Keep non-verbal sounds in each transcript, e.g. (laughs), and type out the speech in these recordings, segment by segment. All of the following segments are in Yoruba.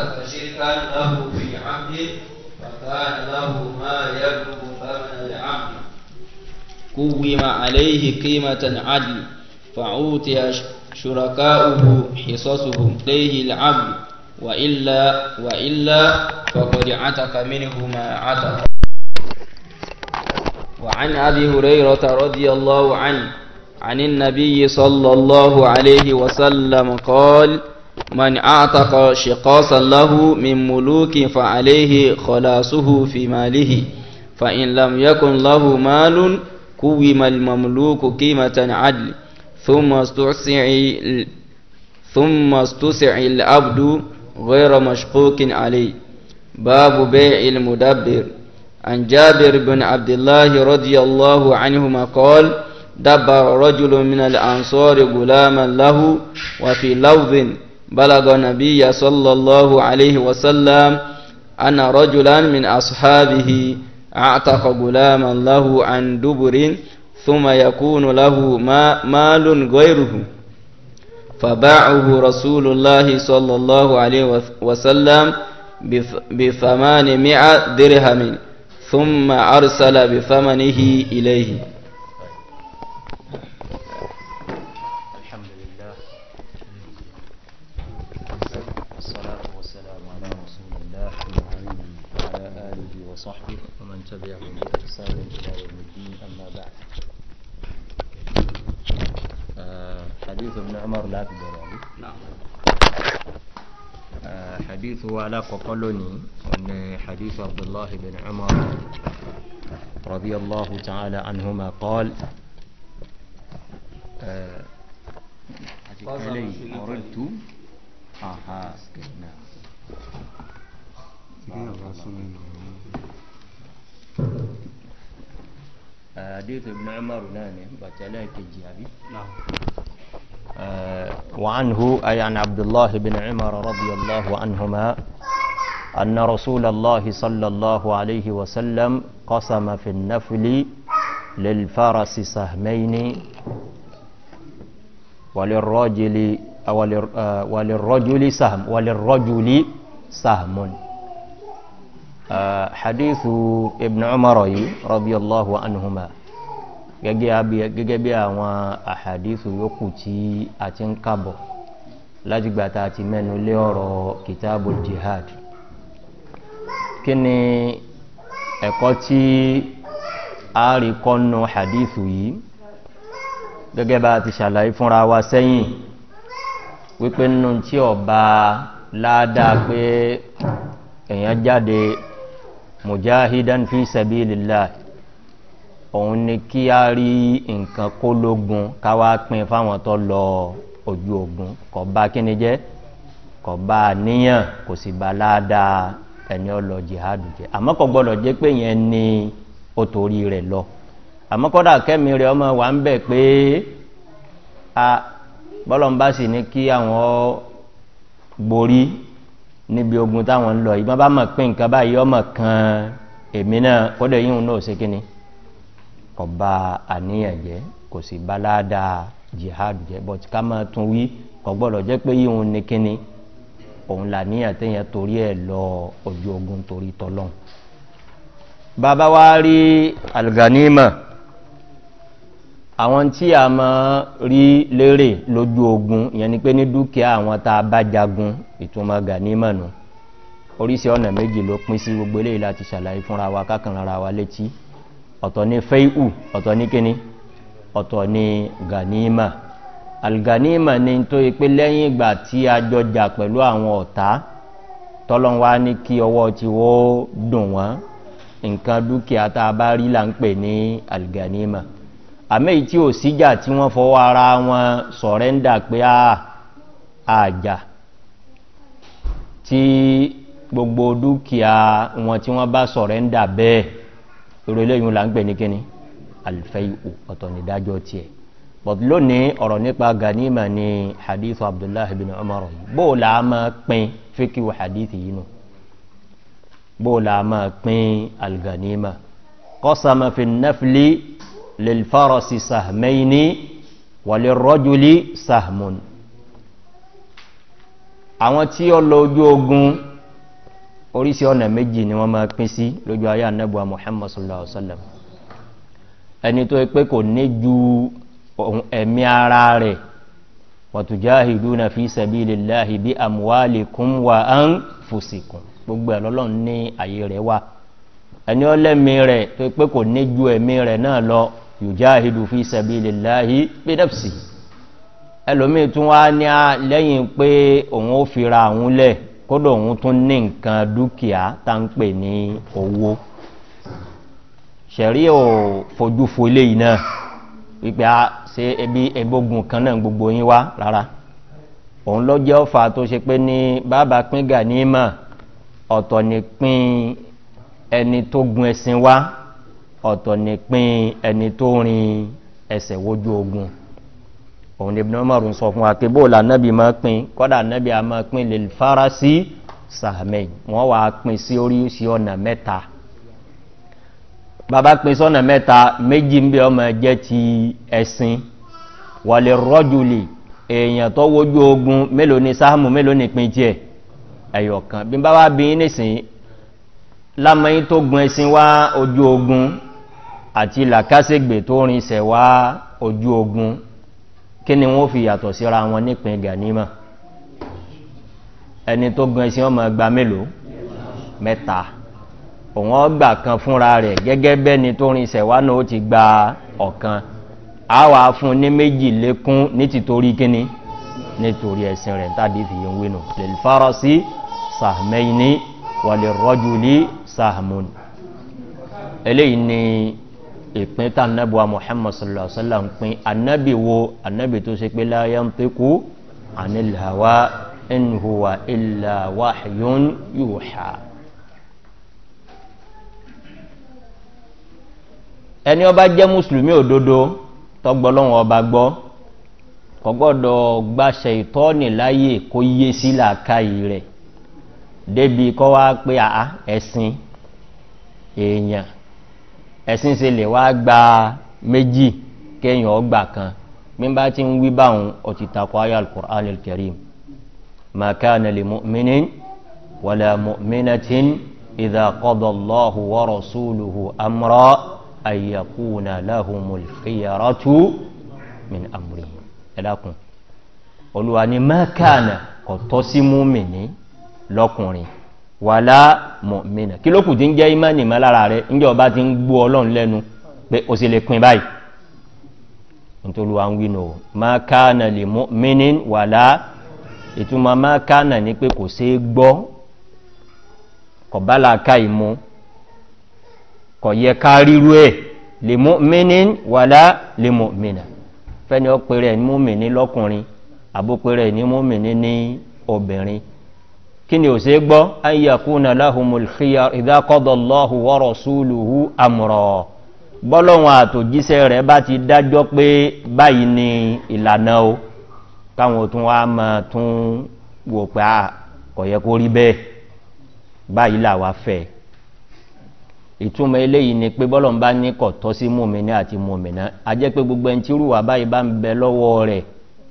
ترك شركا له في عبده فكان له ما يبلغ ثمن العمد قوم عليه قيمة عدل فعوتي شركاؤه حصصهم ليه العبد وإلا وإلا فقد عتق منه ما عتق وعن أبي هريرة رضي الله عنه عن النبي صلى الله عليه وسلم قال من اعتق شقاصا له من ملوك فعليه خلاصه في ماله فإن لم يكن له مال قوم المملوك قيمة عدل ثم استسع ثم استسع العبد غير مشقوق عليه باب بيع المدبر عن جابر بن عبد الله رضي الله عنهما قال دبر رجل من الأنصار غلاما له وفي لوظ بلغ النبي صلى الله عليه وسلم أن رجلا من أصحابه أعتق غلاما له عن دبر ثم يكون له مال غيره فباعه رسول الله صلى الله عليه وسلم بثمانمائة درهم ثم أرسل بثمنه إليه حديث ابن عمر لا تدراني نعم آه، حديث ولا قلني أن حديث عبد الله بن عمر رضي الله تعالى عنهما قال آه، علي أردت أها نعم حديث ابن عمر ناني بتلاقي جابي نعم آه، وعنه أي عن عبد الله بن عمر رضي الله عنهما أن رسول الله صلى الله عليه وسلم قسم في النفل للفرس سهمين وللرجل آه، وللرجل سهم وللرجل سهم آه، حديث ابن عمر رضي الله عنهما gẹ́gẹ́ bí àwọn àhàdífù yókù tí a ti ń kàbọ̀ láti gbàtà ti mẹ́nu lé ọ̀rọ̀ kìtàbù jihad kí ni ẹ̀kọ́ tí a rí kọ́nù àhàdífù yìí gẹ́gẹ́ bá ti ṣàlàyé fúnra wa sẹ́yìn wípé nínú tí ọba ládàá pé èèyàn jáde mujahidan fi sẹ́bí lílá òun ni kí a rí nǹkan kó lógun káwá pin fáwọn tó lọ ojú ogun kọ̀ bá kíni jẹ́ kọ̀ bá níyàn kò sì bá ládàá ẹni ọlọ jihad jẹ àmọ́ kò gbọ́dọ̀ jẹ́ pé yẹn ni ó torí rẹ̀ lọ àmọ́ kọ́dà kẹ́mi rẹ̀ ọmọ wa ń bẹ̀ pé a bọ́lọ̀n bá sì ní kí àwọn borí níbi ogun táwọn ń lọ ìbọn bá mọ̀ pé nǹkan báyìí ọmọ kan èmi náà kọ́dọ̀ yíhun náà ṣe kíni kò bá àníyàn jẹ́ kò sì bá ládàá jihad jẹ́ but ká máa tún wí kò gbọ́dọ̀ pé yíyún ni kíni òun là níyàn téèyàn torí ẹ̀ lọ ojú ogun torí tọ́lọ́hún bàbá wa rí alganima àwọn tí a mọ̀ rí lérè lójú ogun ìyẹn ni pé ní dúkìá àwọn tá a bá jagun ìtumọ̀ ganima nù oríṣi ọ̀nà méjì ló pín sí gbogbo eléyìí láti ṣàlàyé fúnra wa kákan wa létí ọ̀tọ̀ ni fẹ́ìhù ọ̀tọ̀ ni kíni ọ̀tọ̀ ni ganima alganima ni tó ipé lẹ́yìn ìgbà tí a jọjà pẹ̀lú àwọn ọ̀tá tọ́lọ́wá ní kí ọwọ́ ti wó dùn wọ́n nǹkan dúkìá tá a bá rí là ń pè ní alganima àmẹ́yí tí ò síjà tí wọ́n fọwọ́ ara wọn sọ̀rẹ́ndà pé àjà tí gbogbo dúkìá wọn tí wọ́n bá sọ̀rẹ́ndà bẹ́ẹ̀ irú eléyìí là ń pè ní kíni alfẹ́yìí ọ̀tọ̀ nídájọ́ tiẹ̀ but lónìí ọ̀rọ̀ nípa ganima ni hadith abdullahi bin umar yìí bó o là á máa pin fíkì wọ hadith yìí nù bó o máa pin alganima qasama fi nafli lil farasi sahmayni wa lil rajuli sahmun àwọn tí ó lọ ogun oríṣi ọ̀nà méjì ni wọ́n máa pín sí lójú ayé anábùwà muhammad sallallahu alaihi wasallam ẹni tó pé kò ní ju ẹ̀mí ara rẹ̀ wàtújáhìdú na fi sàbílì láhì bí àmúwálìkún wà án fòsìkún gbogbo ẹ̀lọ́lọ́n ní àyè rẹ̀ wà ẹni ọlẹ́mí rẹ̀ tó pé kò ní ju ẹ̀mí rẹ̀ náà lọ yòjáhìdú fi sàbílì láhì bí dẹ́psì ẹlòmíì tún wá ní lẹ́yìn pé òun ó fira àwọn lẹ́ẹ̀ kódò òun tún ní nǹkan dúkìá tá ń pè ní owó ṣẹ̀rí ò fojú fo ilé yìí náà wípé a ah, ṣe ẹbí ẹgbógun kan náà gbogbo yín wá rárá òun ló jẹ́ ọ̀fà tó ṣe pé ní bàbá pín gànímà ọ̀tọ̀ ni pín ẹni tó gun ẹ̀sìn wá ọ̀tọ̀ ni pín ẹni tó rin ẹsẹ̀ wojú ogun òun ni ibùdó márùn sọ fún àkébò lànàbí máa pín kọ́dà nàbí a máa pín lè fara sí sàmì wọ́n wà pín sí oríṣi ọ̀nà mẹ́ta bàbá pín sọ́nà mẹ́ta méjì ń bí ọmọ jẹ́ ti ẹ̀sìn wà lè rọ́júlì èèyàn tó wójú ogun mélòó ni sáàmù mélòó ni pín tiẹ̀ ẹ̀yọ̀kan bí bá wá bí nísìnyí lámọ́yí tó gun ẹ̀sìn wá ojú ogun àti làkásẹ̀gbè tó rinṣẹ̀ wá ojú ogun kí ni wọ́n fi yàtọ̀ síra wọn nípin ganima ẹni tó gan ẹsìn ọmọ ẹgbà mélòó mẹ́ta òun ọgbà kan fúnra rẹ̀ gẹ́gẹ́ bẹ́ni tó rin ìṣẹ̀wá náà ó ti gba ọ̀kan a wà fún ní méjì lékún ní tìtorí kíní nítorí ẹ̀sìn rẹ̀ tàbí fi yẹn wínú lèlfàrọ̀ sí sàmẹ́yìn ní wàlè rọ́jù ní sàmùn eléyìí ni ìpín tá anábùwà muhammad sallallahu alaihi wa sallam pín anábì wo anábì tó ṣe pé láyé ń pẹ́kú àníláwá ẹnuhuwa ilà wáhíyún yóò ṣá. ẹni ọba jẹ́ mùsùlùmí òdodo tọgbọ́lọ́wọ́ ọba gbọ́ kọ́gbọ́dọ̀ gbàṣẹ ìtọ́ni láyè kó yé sí làákàyè rẹ̀ débi kọ́ wá pé àá ẹ̀sìn èèyàn. E ẹ̀sìn se lè wá gba méjì kéyàn ọgbà kan mímbá tí ń wí báhùn ọ̀tìtàkọ̀ ayé alkùnrin alkarim makana lè mọ́mìnì wàlá mọ́mìnàtín ìdàkọ́dọ̀lọ́hù wọ́rọ̀ súlùhù amúrọ̀ ayyakuna lahumul khiyaratu min amúrí wàlá mọ̀mìnà kí ló kù tí ń jẹ́ ìmánì mọ́ lára rẹ̀ ń jẹ́ ọba ti ń gbó ọlọ́run lẹ́nu pé o sì lè pin báyìí nítorí wa ń wí nù máa kánà lè mọ́mìnì wàlá ìtumọ̀ máa kánà ní pé kò sí gbọ́ kọ̀bálà ká ìmú kọ̀ yẹ ká ríru ẹ̀ lè mọ́mìnì wàlá lè mọ̀mìnà fẹ́ni ọ pèrè ní mọ́mìnì lọ́kùnrin àbó ní mọ́mìnì ní obìnrin kí ni ò sí gbọ́ ayyakuna láhùmùlkhiyar ìdákọ́dọ̀lọ́hù wọ́rọ̀ súlùhù àmùrọ̀ bọ́lọ́wọ́n àtòjíṣẹ́ rẹ̀ bá ti dájọ́ pé báyìí ni ìlànà o káwọn tún wá mọ̀ tún wò pé à ah, kọ̀yẹ kó rí bẹ́ẹ̀ báyìí làwà fẹ́ ìtumọ̀ eléyìí ni pé bọ́lọ̀ bá ní kọ̀tọ́ sí mòmìnà àti mòmìnà a jẹ́ pé gbogbo ẹni tí rúwà báyìí bá ń bẹ lọ́wọ́ rẹ̀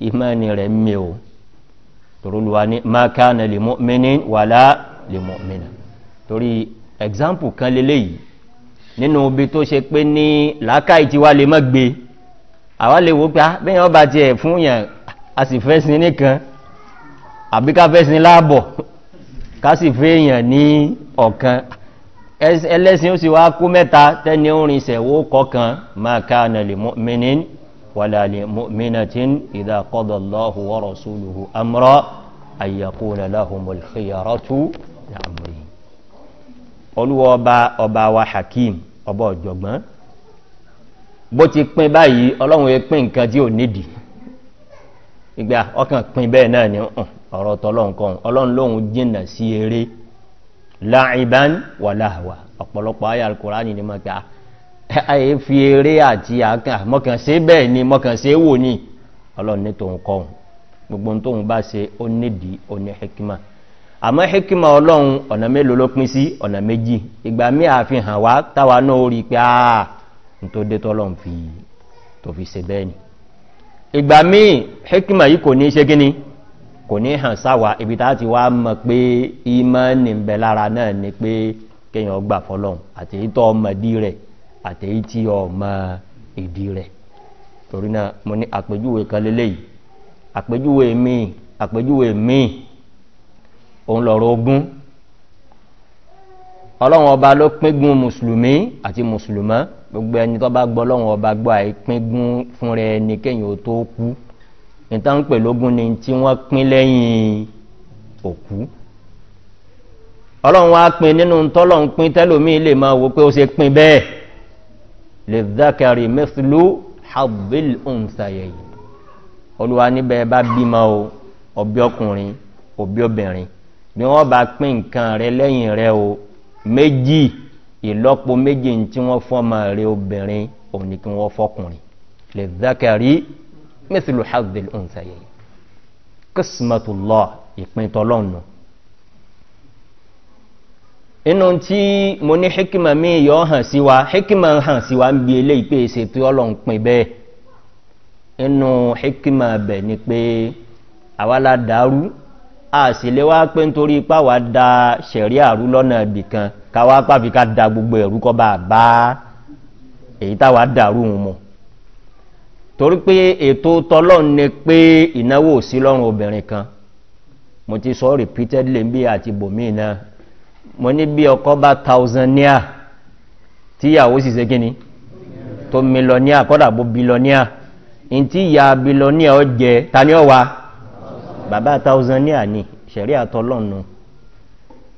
ìmọ̀ rẹ̀ ń torúluwa ní makana lè mọ́mìnì wàlá lè mọ́mìnà torí ẹ̀xámpù kan lélẹ̀ yìí nínú obi tó ṣe pé ní làákàí tí wá lè mọ́ gbé àwá lè wó pé ah, bẹ́yàn ọba ti ẹ̀ fún yàn a sì fẹ́ sin nìkan àbí ká fẹ́ sin láàbọ̀ ká sì fẹ́ yàn ní ọ̀kan ẹlẹ́sìn ó sì wá kú mẹ́ta tẹ́ni orin ìṣẹ̀wó kọ̀ọ̀kan makana lè mọ́mìnì ولا لمؤمنة إذا قضى الله ورسوله أمرا أن يقول لهم الخيرة لأمرهم olúwọ́ ọba ọba wa hakim ọba ọ̀jọ̀gbọ́n bó ti pin báyìí ọlọ́run pín nǹkan tí ò nídìí ìgbà ọkàn pin bẹ́ẹ̀ náà ni ọ̀rọ̀ tọ́lọ́run kan ọlọ́run lóhun jìnnà sí eré láìbán wà ọ̀pọ̀lọpọ̀ ayé alukóra ni ni mo ayé fi eré àti àkàn mọ́kàn sí bẹ́ẹ̀ ni mọ́kàn sí wò ní ọlọ́run ní tòun kọ́ gbogbo tóun bá ṣe ó nídìí ó ní hekima àmọ́ hekima ọlọ́run ọ̀nà mélòó ló pín sí ọ̀nà méjì ìgbà mí àfihàn wá táwa náà rí pé àà tó dé tọ́lọ́run fi tó fi ṣe bẹ́ẹ̀ ni ìgbà mí hekima yìí kò ní ṣe gíní kò ní hàn sáwà ibi tá ti wá mọ̀ pé ìmọ̀ nìbẹ̀ lára náà ni pé kéèyàn gbà fọlọ́run àti ìtọ́ ọmọdé rẹ̀ àtẹ̀yí tí ma ìdí rẹ̀ torí náà mo ní àpèjúwe kan lélẹ́yìí àpèjúwe míì àpèjúwe míì òun lọ̀rọ̀ ogún ọlọ́run ọba ló píngun mùsùlùmí àti mùsùlùmá gbogbo ẹni tó bá gbọ́ ọlọ́run ọba gbọ́ àìpíngun fún rẹ ní kéyìn ó tó kú níta ni tí wọ́n pín lẹ́yìn òkú ọlọ́run wá pín nínú tọ́lọ́run pín tẹ́lòmíì lè máa wo pé ó ṣe pín bẹ́ẹ̀ lèzákàrí mẹ́sìlú habil onsayeyi olúwa níbẹ̀ bá bímọ o ọbí ọkùnrin òbí obìnrin bí wọ́n bá pín nǹkan rẹ lẹ́yìn rẹ o méjì ìlọ́po méjì tí wọ́n fọ́mọ rẹ obìnrin òní kí wọ́n fọ́kùnrin lèzákàrí mẹ́sìlú habil onsayeyi kìsìmọ̀tò lọ ìpín inú tí mo ní hikima mi yọ hàn sí wa hikima hàn sí wa ń bi eléyìí pé èsè tí ọlọ́run pin bẹ́ẹ̀ inú hikima bẹ̀ ni pé àwa la dàrú a sì lè wá pé nítorí ipá wa da sẹ̀rí àrú lọ́nà ibì kan ká wá pàfi ká da gbogbo ẹ̀rú kọ́ bá a bá èyí táwa dàrú òun mọ̀ torí pé ètò tọlọ́run ni pé ìnáwó sí lọ́rùn obìnrin kan mo ti sọ repeatedly bí àti bòmíì náà mo ní bí ọkọ bá tausania tíyàwó sì ṣe kíni tó mílọ́níà kọ́dà bó bílọ́níà in tí ìyá bílọ́níà ọ jẹ ta ni ọ wa bàbá tausania ni ṣẹ̀rí àtọ́lọ́nu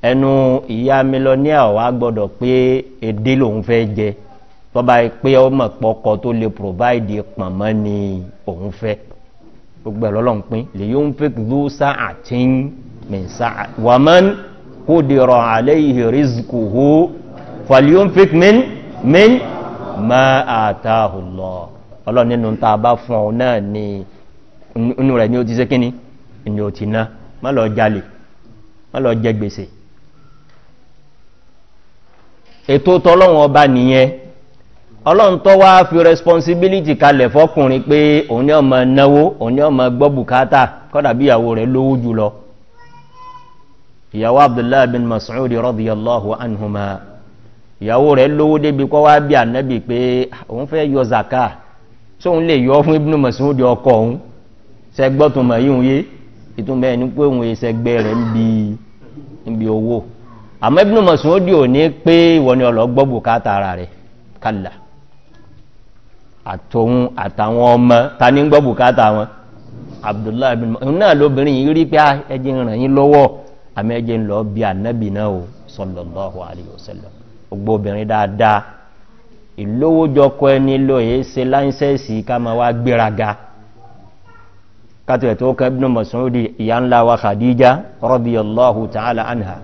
ẹnu ìyá mílọ́níà wa gbọ́dọ̀ pé èdè lòun fẹ́ jẹ tọ́ba pé ọmọ pọkọ tó lè provide pọ̀nmọ́ ni òun fẹ́ gbogbo ẹ̀rọ pín lèyí ó ń fẹ́ kí sáà tí ń mẹ́sàá wàmán قدر عليه رزقه فلينفق من min! ma آتاه الله ọlọ́run nínú ta bá fún ọ náà ni inú rẹ̀ ni ó ti sé kíní ni ó ti ná má lọ jalè má lọ jẹ gbèsè ètò tọ́lọ́run ọba nìyẹn ọlọ́run tó wá fi responsibility kalẹ̀ fọkùnrin pé òun ni ọmọ náwó òun ni ọmọ rẹ̀ lówó ìyàwó abdullahi bin masoud rọ́bìyàlláhu anhuma ìyàwó rẹ̀ lówó débi kọ́ wá bí ànábì pé òun fẹ́ yọ zaka sóun lè yọ fún ibùdó masoud ọkọ̀ òun sẹgbọ́tùmọ̀ yìí òun yé ìtumọ̀ ẹni pé òun èsẹ̀ gbẹ́ rẹ̀ níbi owó àmọ́ ibùdó masoud ò ní pé ìwọ ni ọlọ́gbọ́ bùkátà ara rẹ̀ kálá àtòun àtàwọn ọmọ ta ní gbọ́ bùkátà wọn abdullahi bin masoud náà lóbìnrin yìí rí pé ah, ẹjìn ràn yín lọ́wọ́ amẹ́jẹ́ ń lọ bí anabi náà o sọlọ́lọ́hu àríwọ̀sẹ̀lọ̀ gbogbo obìnrin dáadáa ìlówójọkọ ẹni ló yẹ ṣe láńsẹ́ẹ̀sì ká máa wá gbéraga kátó ẹ̀ tó kọ́ ibùdó mọ̀sánwódì ìyá ńlá wa khadija rọ́bìyàlláhu ta'ala anha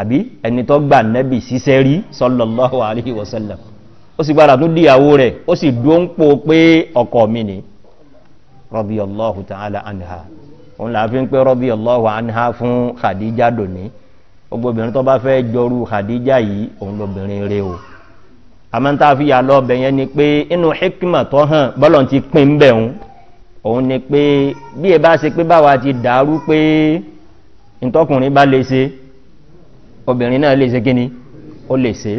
àbí ẹni tó gbà nẹ́bì síṣẹ́ rí sọlọ́lọ́hu àríwọ̀sẹ̀lọ̀ ó sì gbára tún díyàwó rẹ̀ ó sì dúó ń po pé ọkọ̀ mi ni rọ́bìyàlláhu ta'ala anha òun là fi ń pẹ́ rọ́bì ọlọ́wà anha fún khadija dòní gbogbo obìnrin tó bá fẹ́ jọrú khadija yìí òun lobìnrin rẹ o àmọ́ tá a fi yà lọ ọbẹ̀ yẹn ni pé inú hikima tó hàn bọ́lọ̀ ti pín ń bẹ̀ òun òun ni pé bí ẹ bá ṣe pé báwa ti dàrú pé ntọ́kùnrin bá lè ṣe obìnrin náà lè ṣe kíni ó lè ṣe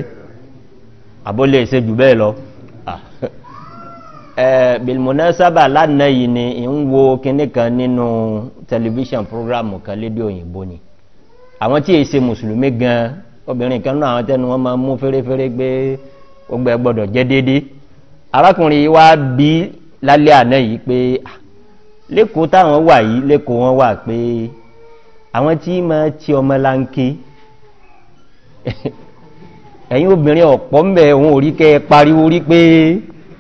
àbó lè ṣe jù bẹ́ẹ̀ lọ bilmunasaba lánà yìí ni ń wo kíní kan nínú tẹlifíṣàn prógrámù kan lédè òyìnbó ni àwọn tí èsè mùsùlùmí gan obìnrin kan náà àwọn tẹnu wọn máa mú fẹ́rẹ́fẹ́rẹ́ gbé ọgbẹ́ gbọ́dọ̀ jẹ́ dédé arákùnrin wa bí lálẹ́ àná yìí pé ah, lẹ́kọ̀ọ́ táwọn wà yìí lẹ́kọ̀ọ́ wọn wà pé àwọn tí máa ti ọmọ láńké (laughs) ẹ̀yin obìnrin ọ̀pọ̀ ń bẹ̀ ò rí kẹ́ pariwo rí pé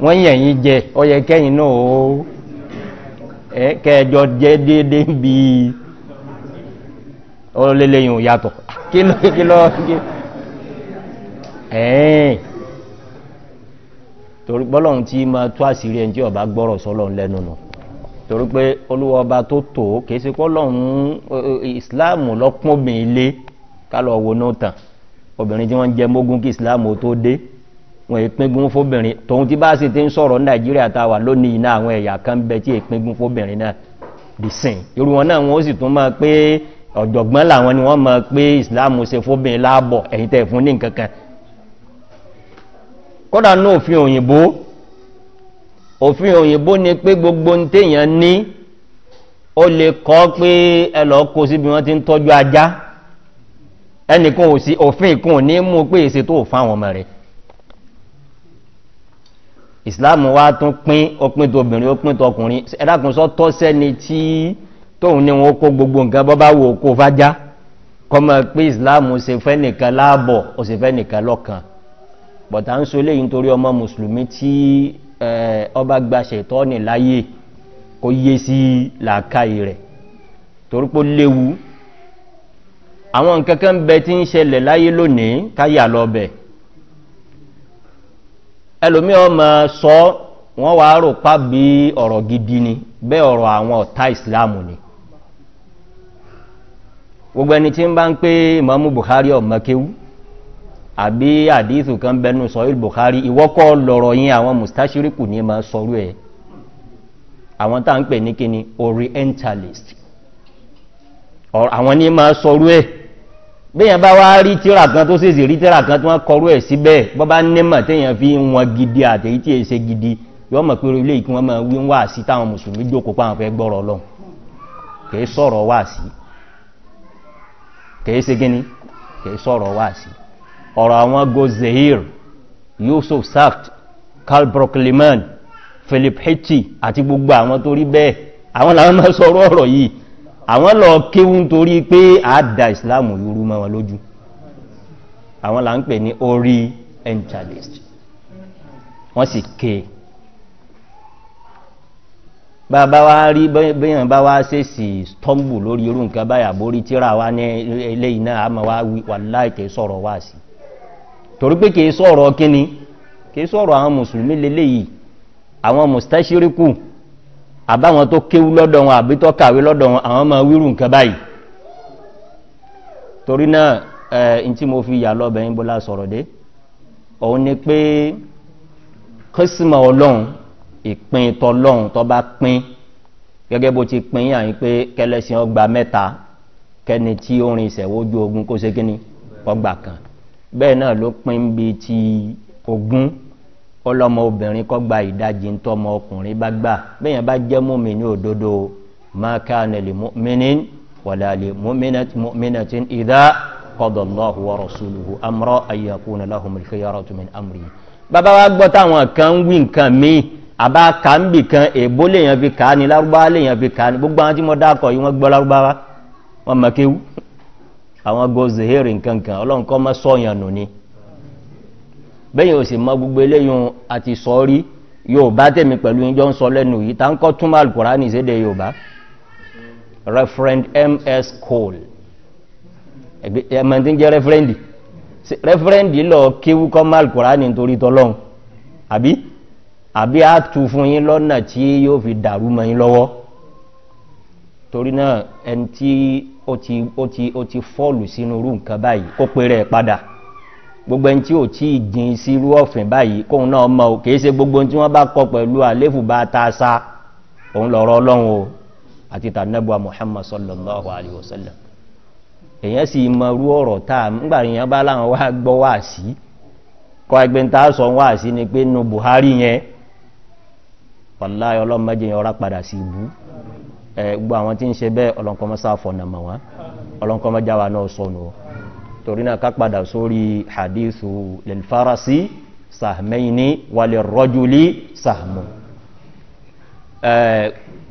wọ́n yẹ̀ yí jẹ ọyẹ kẹ́yìn náà ó kẹjọ jẹ déédé bí i ọlẹ́lẹ́yìn ò yàtọ̀ kí lọ ẹ̀ẹ́n torí gbọ́lọ̀hún tí ma tó àṣírí ẹni tí ọba gbọ́rọ̀ sọ́lọ́hún lẹ́nu nù torí pé olúwọba tó tò ó kìí sí pọ́lọ̀hún ìsìláàmù lọ́pọ̀bìn ilé ká lọ wo náà tàn obìnrin tí wọ́n jẹ mógún kí ìsìláàmù tó dé wọn ìpíngun fóbìnrin tòun ti bá sì ti ń sọ̀rọ̀ nàìjíríà ta wà lónìí iná àwọn ẹ̀yà kan bẹ tí ìpíngun fóbìnrin náà dì sìn irú wọn náà wọn ó sì tún máa pé ọ̀jọ̀gbọ́n làwọn ni wọ́n máa pé ìsìláàmù ṣe fóbìnrin láàbọ̀ ẹ̀yìn tẹ̀ fún ní nǹkan kan kódà náà òfin òyìnbó òfin òyìnbó ni pé gbogbo ń téèyàn ní ó lè kọ́ pé ẹ lọ́ọ́ kó síbi wọ́n ti ń tọ́jú ajá ẹnìkan òfin ìkùn ní mú pé èsè tó fáwọn ọmọ rẹ̀ islam wá tún pín ópin tó obìnrin ópin tó ọkùnrin ẹ̀dàkùn sọ tọ́ sẹ́ni tí tóun ní wọn kó gbogbo nǹkan bọ́ bá wò kó fájá kọmọ pé islam ṣe fẹ́ nìkan láàbọ̀ ó ṣe fẹ́ nìkan lọ́kan bọ̀tà ń so léyìn torí ọmọ mùsùlùmí tí ọba gba ṣètọ́nì láyé kó yé sí làákàyè rẹ̀ torí pé léwu àwọn nǹkan kan bẹ tí ń ṣẹlẹ̀ láyé lónìí káyà lọ bẹ̀ẹ́ ẹlòmí ọmọ sọ wọ́n wá rò pa bí ọ̀rọ̀ gidi ni bẹ́ ọ̀rọ̀ àwọn ọ̀tá ìsìláàmù ni gbogbo ẹni tí ń bá ń pé ìmọ̀mú buhari ọmọ kéwú àbí àdíìsù kan bẹnu sọ buhari ìwọ́kọ́ lọ̀rọ̀ yín àwọn mustachiriku ní ma sọrú ẹ̀ àwọn tá ń pè ní kíni orientalist àwọn ní ma sọrú ẹ̀ bẹ́yàn bá wá rí tíra kan tó sèsì rí tíra kan tó wọ́n kọrú ẹ̀ síbẹ̀ bọ́ bá nímọ̀ téèyàn fi wọn gidi àtẹ̀yí tí èsè gidi yọ́ mọ̀ pé ilé ìkí wọ́n máa wí ń wà sí táwọn mùsùlùmí jókòó pa àwọn fẹ́ gbọ́rọ̀ lọ kìí sọ̀rọ̀ wà sí kìí ṣe gíní kìí sọ̀rọ̀ wà sí ọ̀rọ̀ àwọn gozeir yusuf saft carl brockleman philip hitchie àti gbogbo àwọn tó rí bẹ́ẹ̀ àwọn làwọn máa sọ̀rọ̀ ọ̀rọ̀ yìí àwọn lọ kéwú torí pé àádà ìsìláàmù yúrú mọ́ wọn lójú àwọn là ń pè ní orí enchalist wọ́n sì ké bá bá wá rí bẹ́yàn bá wá sèsì stọ́mbù lórí irú nǹkan báyà borí tíra wá ní eléyìí náà àmọ́ wá wà láìkẹ́ sọ̀rọ̀ wá sí torí pé kìí sọ̀rọ̀ kíni kìí sọ̀rọ̀ àwọn mùsùlùmí lélẹ́yìí àwọn mùsítẹ́ṣíríkù àbáwọn tó kéwú lọ́dọ̀ wọn àbí tó kàwé lọ́dọ̀ wọn àwọn ọmọ wírù nǹkan báyìí torí náà ẹ̀yìn tí mo fi yà lọ́bẹ̀yìn bọ́lá sọ̀rọ̀ dé òun ni pé kírísìmọ̀ ọlọ́run ìpín tọlọ́run tó bá pín gẹ́gẹ́ bó ti pín àyín pé kẹlẹ́sìn ọgbà mẹ́ta kẹni tí ó rin ìṣẹ̀wójú ogun kó ṣe kíní ọgbà kan bẹ́ẹ̀ náà ló pín bí ti ogun kọlọmọ obìnrin kọ gba ìdajì ntọ ọmọ ọkùnrin bá gbà bẹyàn bá jẹ múmi ní òdodo ma kana lil mu'minin wala lil mu'minatin idha qada Allahu wa rasuluhu amra ay yakuna lahumul khiyaratu min amri. bàbá wa gbọ́ táwọn kan wí nǹkan míì àbá kà ń bì kan èbó lèèyàn fi kà á ní lárúbá lèèyàn fi kà á ní gbogbo àwọn tí mo dákọ̀ yìí mọ́ sọ̀yàn nù ni bẹ́yìn ò ma mọ gbogbo eléyìn àti sọ́ọ́rí yorùbá tẹ̀mí pẹ̀lú ìjọ ń sọ lẹ́nu yìí tá ń kọ́ túmọ̀ alukurani ìṣèdè yorùbá referent ms cole ẹ̀mọ̀tí ń jẹ́ referendi referendi lọ kéwú kọ́ mọ́ alukurani nítorí tọ́lọ́hún àbí àbí a tu fún yín lọ́nà tí yóò fi dàrú mọ́ yín lọ́wọ́ torí náà ẹni tí ó ti fọ́ọ̀lù sínú irú nǹkan báyìí kó pèrè padà gbogbo ẹni tí ò tí ì jìn sírú ọ̀fìn báyìí kóun náà mọ ò kìí ṣe gbogbo tí wọ́n bá kọ pẹ̀lú àléfù bá ta sa òun lọ̀rọ̀ ọlọ́run o àti tànẹ́bùa muhammad sallallahu alayhi wa sallam èèyàn sì mọ irú ọ̀rọ̀ tá a nígbà yẹn bá láwọn wá gbọ́ wá sí kọ́ ẹgbẹ́ tá a sọ wá sí ni pé nu buhari yẹn wàláyé ọlọ́mọdé yẹn ọ̀rá padà sí ibú ẹ gbogbo àwọn tí ń ṣe bẹ́ẹ̀ ọlọ́nkọ́mọ́sá fọ̀nà mọ̀ wọ́n ọlọ́nkọ́mọ́já wa náà sọnù o torí náà ká padà sórí hadithu lilfarasi sahmaini wàlẹ̀ rọ́júlí sahmu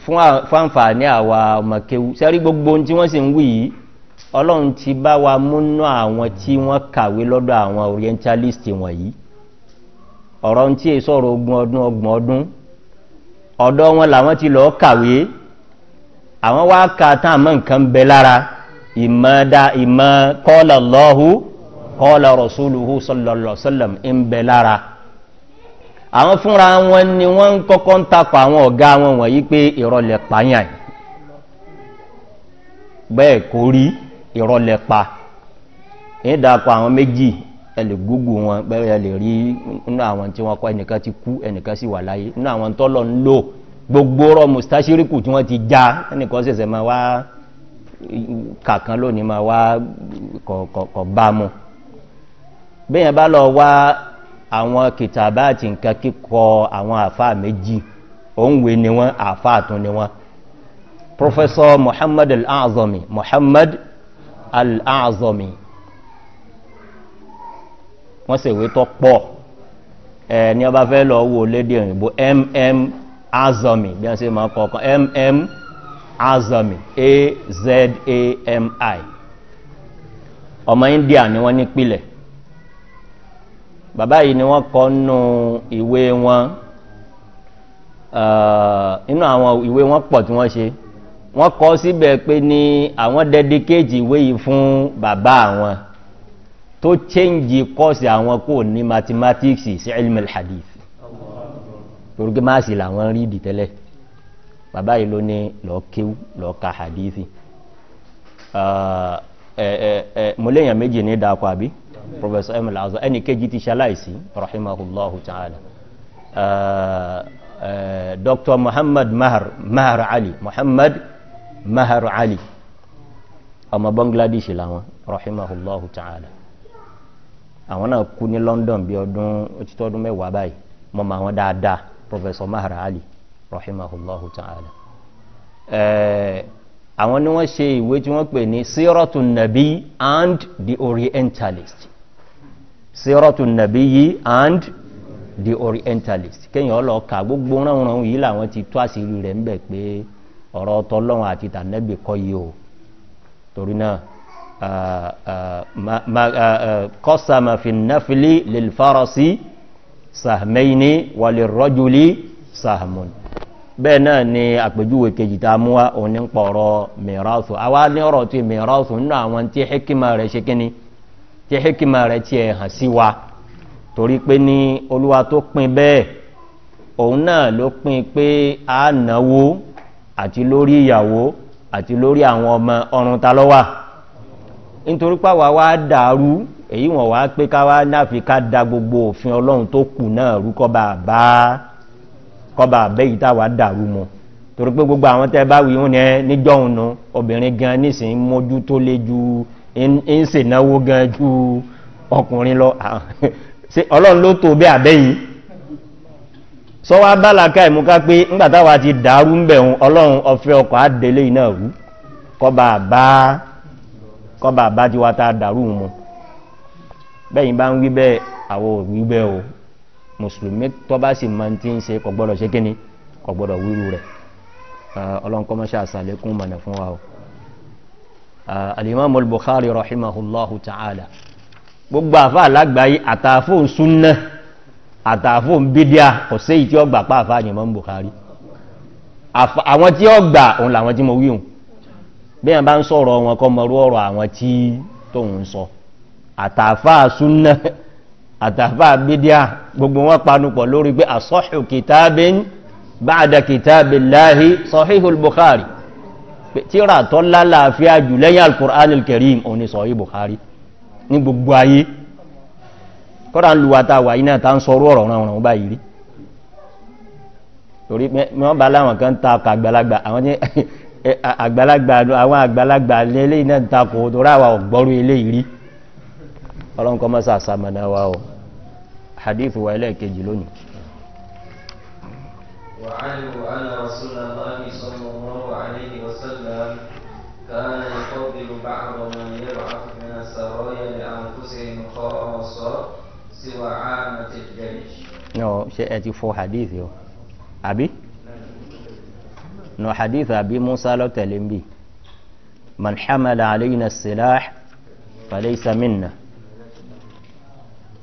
fún àǹfààní àwa ọmọkéwu sẹ́rí gbogbo tí wọ́n sì ń wí yìí ọlọ́run ti bá wa múnú àwọn tí wọ́n kàwé lọ́dọ̀ àwọn orientalist wọ̀nyí ọ̀rọ̀ tí è sọ̀rọ̀ ogun ọdún ọgbọ̀n ọdún ọ̀dọ́ wọn làwọn ti lọ́ọ́ kàwé àwọn wá ka tán àmọ́ nǹkan bẹ lára ìmọ̀dá ìmọ̀ kọ́lá lọ́hù kọ́lá rọ̀súlùhù sọ́lọ̀lọ́sọ́lọ̀m ń bẹ lára àwọn fúnra wọn ni wọ́n ń kọ́kọ́ ń tapọ̀ àwọn ọ̀gá wọn wọ̀nyí pé ìrọ̀lẹ̀ pààyàn bẹ́ẹ̀ kò rí ìrọ̀lẹ̀ pa ní ìdàpọ̀ àwọn méjì ẹlẹ̀ gúgù wọn bẹ́ẹ̀ ẹlẹ̀ rí nínú àwọn tí wọ́n kọ́ ẹnìkan ti kú ẹnìkan sì wà láyé nínú àwọn tọ́lọ̀ ń lò gbogbo rọ mustachiriku tí wọ́n ti já ẹnìkan sẹ̀sẹ̀ máa wá kàkan lónìí máa wá kọ̀ọ̀kọ̀ bá mu bẹ́yẹn bá lọ wá àwọn kìtàbá àti nǹkan kíkọ àwọn àfá méjì òunwé ni wọ́n àfá àtún ni wọ́n professor muhammad al-azami muhammad al-azami wọ́n sì wé tọ́ pọ̀ ẹ̀ ní ọba fẹ́ lọ wo lédè òyìnbó mm azami bí wọ́n sì máa kọ̀ọ̀kan mm azami azami ọmọ india ni wọ́n nípìlẹ̀ bàbá yìí ni wọ́n kọ́ nù ìwé wọn inú àwọn ìwé wọn pọ̀ tí wọ́n ṣe wọ́n kọ́ síbẹ̀ pé ní àwọn dedicate ìwé yìí fún bàbá àwọn tó change course àwọn kò ní mathematics sí ilmi al-hadith torí pé máàsì làwọn rí ìdí tẹ́lẹ̀ bàbá yìí ló ní lọ́ọ́ kéwú lọ́ọ́ ka hadithi mo léèyàn méjì ní dáko àbí professor emil azar ẹnì kejì ti ṣaláìsí rahimahullahu ta'ala dr muhammad mahar mahar ali muhammad mahar ali ọmọ bangladesh làwọn rahimahullahu ta'ala àwọn náà kú ní london bí ọdún òtítọ́ ọdún mẹ́wàá báyìí mo mọ àwọn dáadáa professor mahar ali rahimahullahu ta'ala àwọn ni wọ́n ṣe ìwé tí wọ́n pè ní sírọ́tù nàbí and the orientalist sírọ́tù nàbí yìí and the orientalist kéyàn ọlọ́ọ̀ka gbogbo ránran yìí làwọn ti tó àṣírí rẹ̀ ń bẹ̀ pé ọ̀rọ̀ ọtọ́lọ́run àti tànẹ́bì kọ́ yìí o torí náà kọ́sàmà fi náfìlì lè fárọ sí sàmẹ́yìn wà lè rọ́júlì sàmùn bẹ́ẹ̀ náà ni àpèjúwe kejì tá mú wá òun ní pọ̀rọ̀ mìíràsù àwa ní ọ̀rọ̀ tí mìíràsù nínú àwọn tí hikima rẹ̀ ṣe kíní tí hikima rẹ̀ ti ẹ̀ hàn sí wa torí pé ní olúwa tó pin bẹ́ẹ̀ òun náà ló pin pé a náwó àti lórí ìyàwó àti lórí àwọn ọmọ ọrùn ta lọ́wà nítorí pàwà wá dàrú èyí wọ̀n wá pé ká wá náà fi ká da gbogbo òfin ọlọ́run tó kù náà rúkọ́ bàbá kọba àbẹ́ yìí táwa dàrú mọ́ torí pé gbogbo àwọn tẹ́ bá wọn ni níjọ́ òun nu obìnrin gan nísìnyí mójú tó le ju ń sè náwó gan ju ọkùnrin lọ ah, (laughs) ọlọ́run ló tó bẹ́ àbẹ́ yìí sọ́wọ́ abálaka ìmúká pé ńgbàtàwà ti dàrú ń bẹ̀rún ọlọ́run ọ̀fẹ́ ọkọ̀ àdélé iná rú kọba àbá kọba àbá ti wá ta dàrú mọ́ bẹ́yìn bá ń wí bẹ́ẹ̀ àwọ̀ òwú bẹ́ẹ̀ o mùsùlùmí tọ́ba sì máa ti ń ṣe kò gbọ́dọ̀ ṣe kíni kò gbọ́dọ̀ wíru rẹ̀ ọlọ́nkọ́mọṣẹ́ àṣàlékún mọ̀nà fún wa o alimami bukhari rahimahullahu ta'ala gbogbo àfa alágbàáyé àtàfóun súnná àtàfóun bídíà kò séyìí tí ó gbà pa àfa alimami bukhari àwọn tí ó gbà òun làwọn tí mo wí òun bí wọn bá ń sọ̀rọ̀ wọn kọ́ mọ̀rú ọ̀rọ̀ àwọn tí tóun sọ àtàfà súnná (laughs) àtàfà bídíà gbogbo wọn panupọ̀ lórí pé àsọ́hù kìtàbí báadà kìtàbí láhí sọ́híhù bukhari tíra tọ́ lálàáfíà jù lẹ́yìn alkùnrin kẹrin òní sọ́hí bukhari ní gbogbo ayé kọ́ra ń luwata wà iná ta ń sọrú ọ̀rọ̀ ọ̀rọ̀ ọ̀rọ̀ báyìí rí torí wọ́n bá láwọn kan ta ọkà (laughs) ọlọ́run kọ́ mọ́sá àsàmànà wa o hadithu wa ẹlẹ́ẹ̀kejì lónìí وعنه أن رسول الله صلى الله عليه وسلم كان يفضل بعض من يبعث من السرايا لأنفسهم خاصة سوى عامة الجيش. No, ṣe ẹ ti fọ hadith yìí o, àbí? No, hadith àbí Musa lọ tẹ̀lé ń bì. من حمل علينا السلاح فليس منا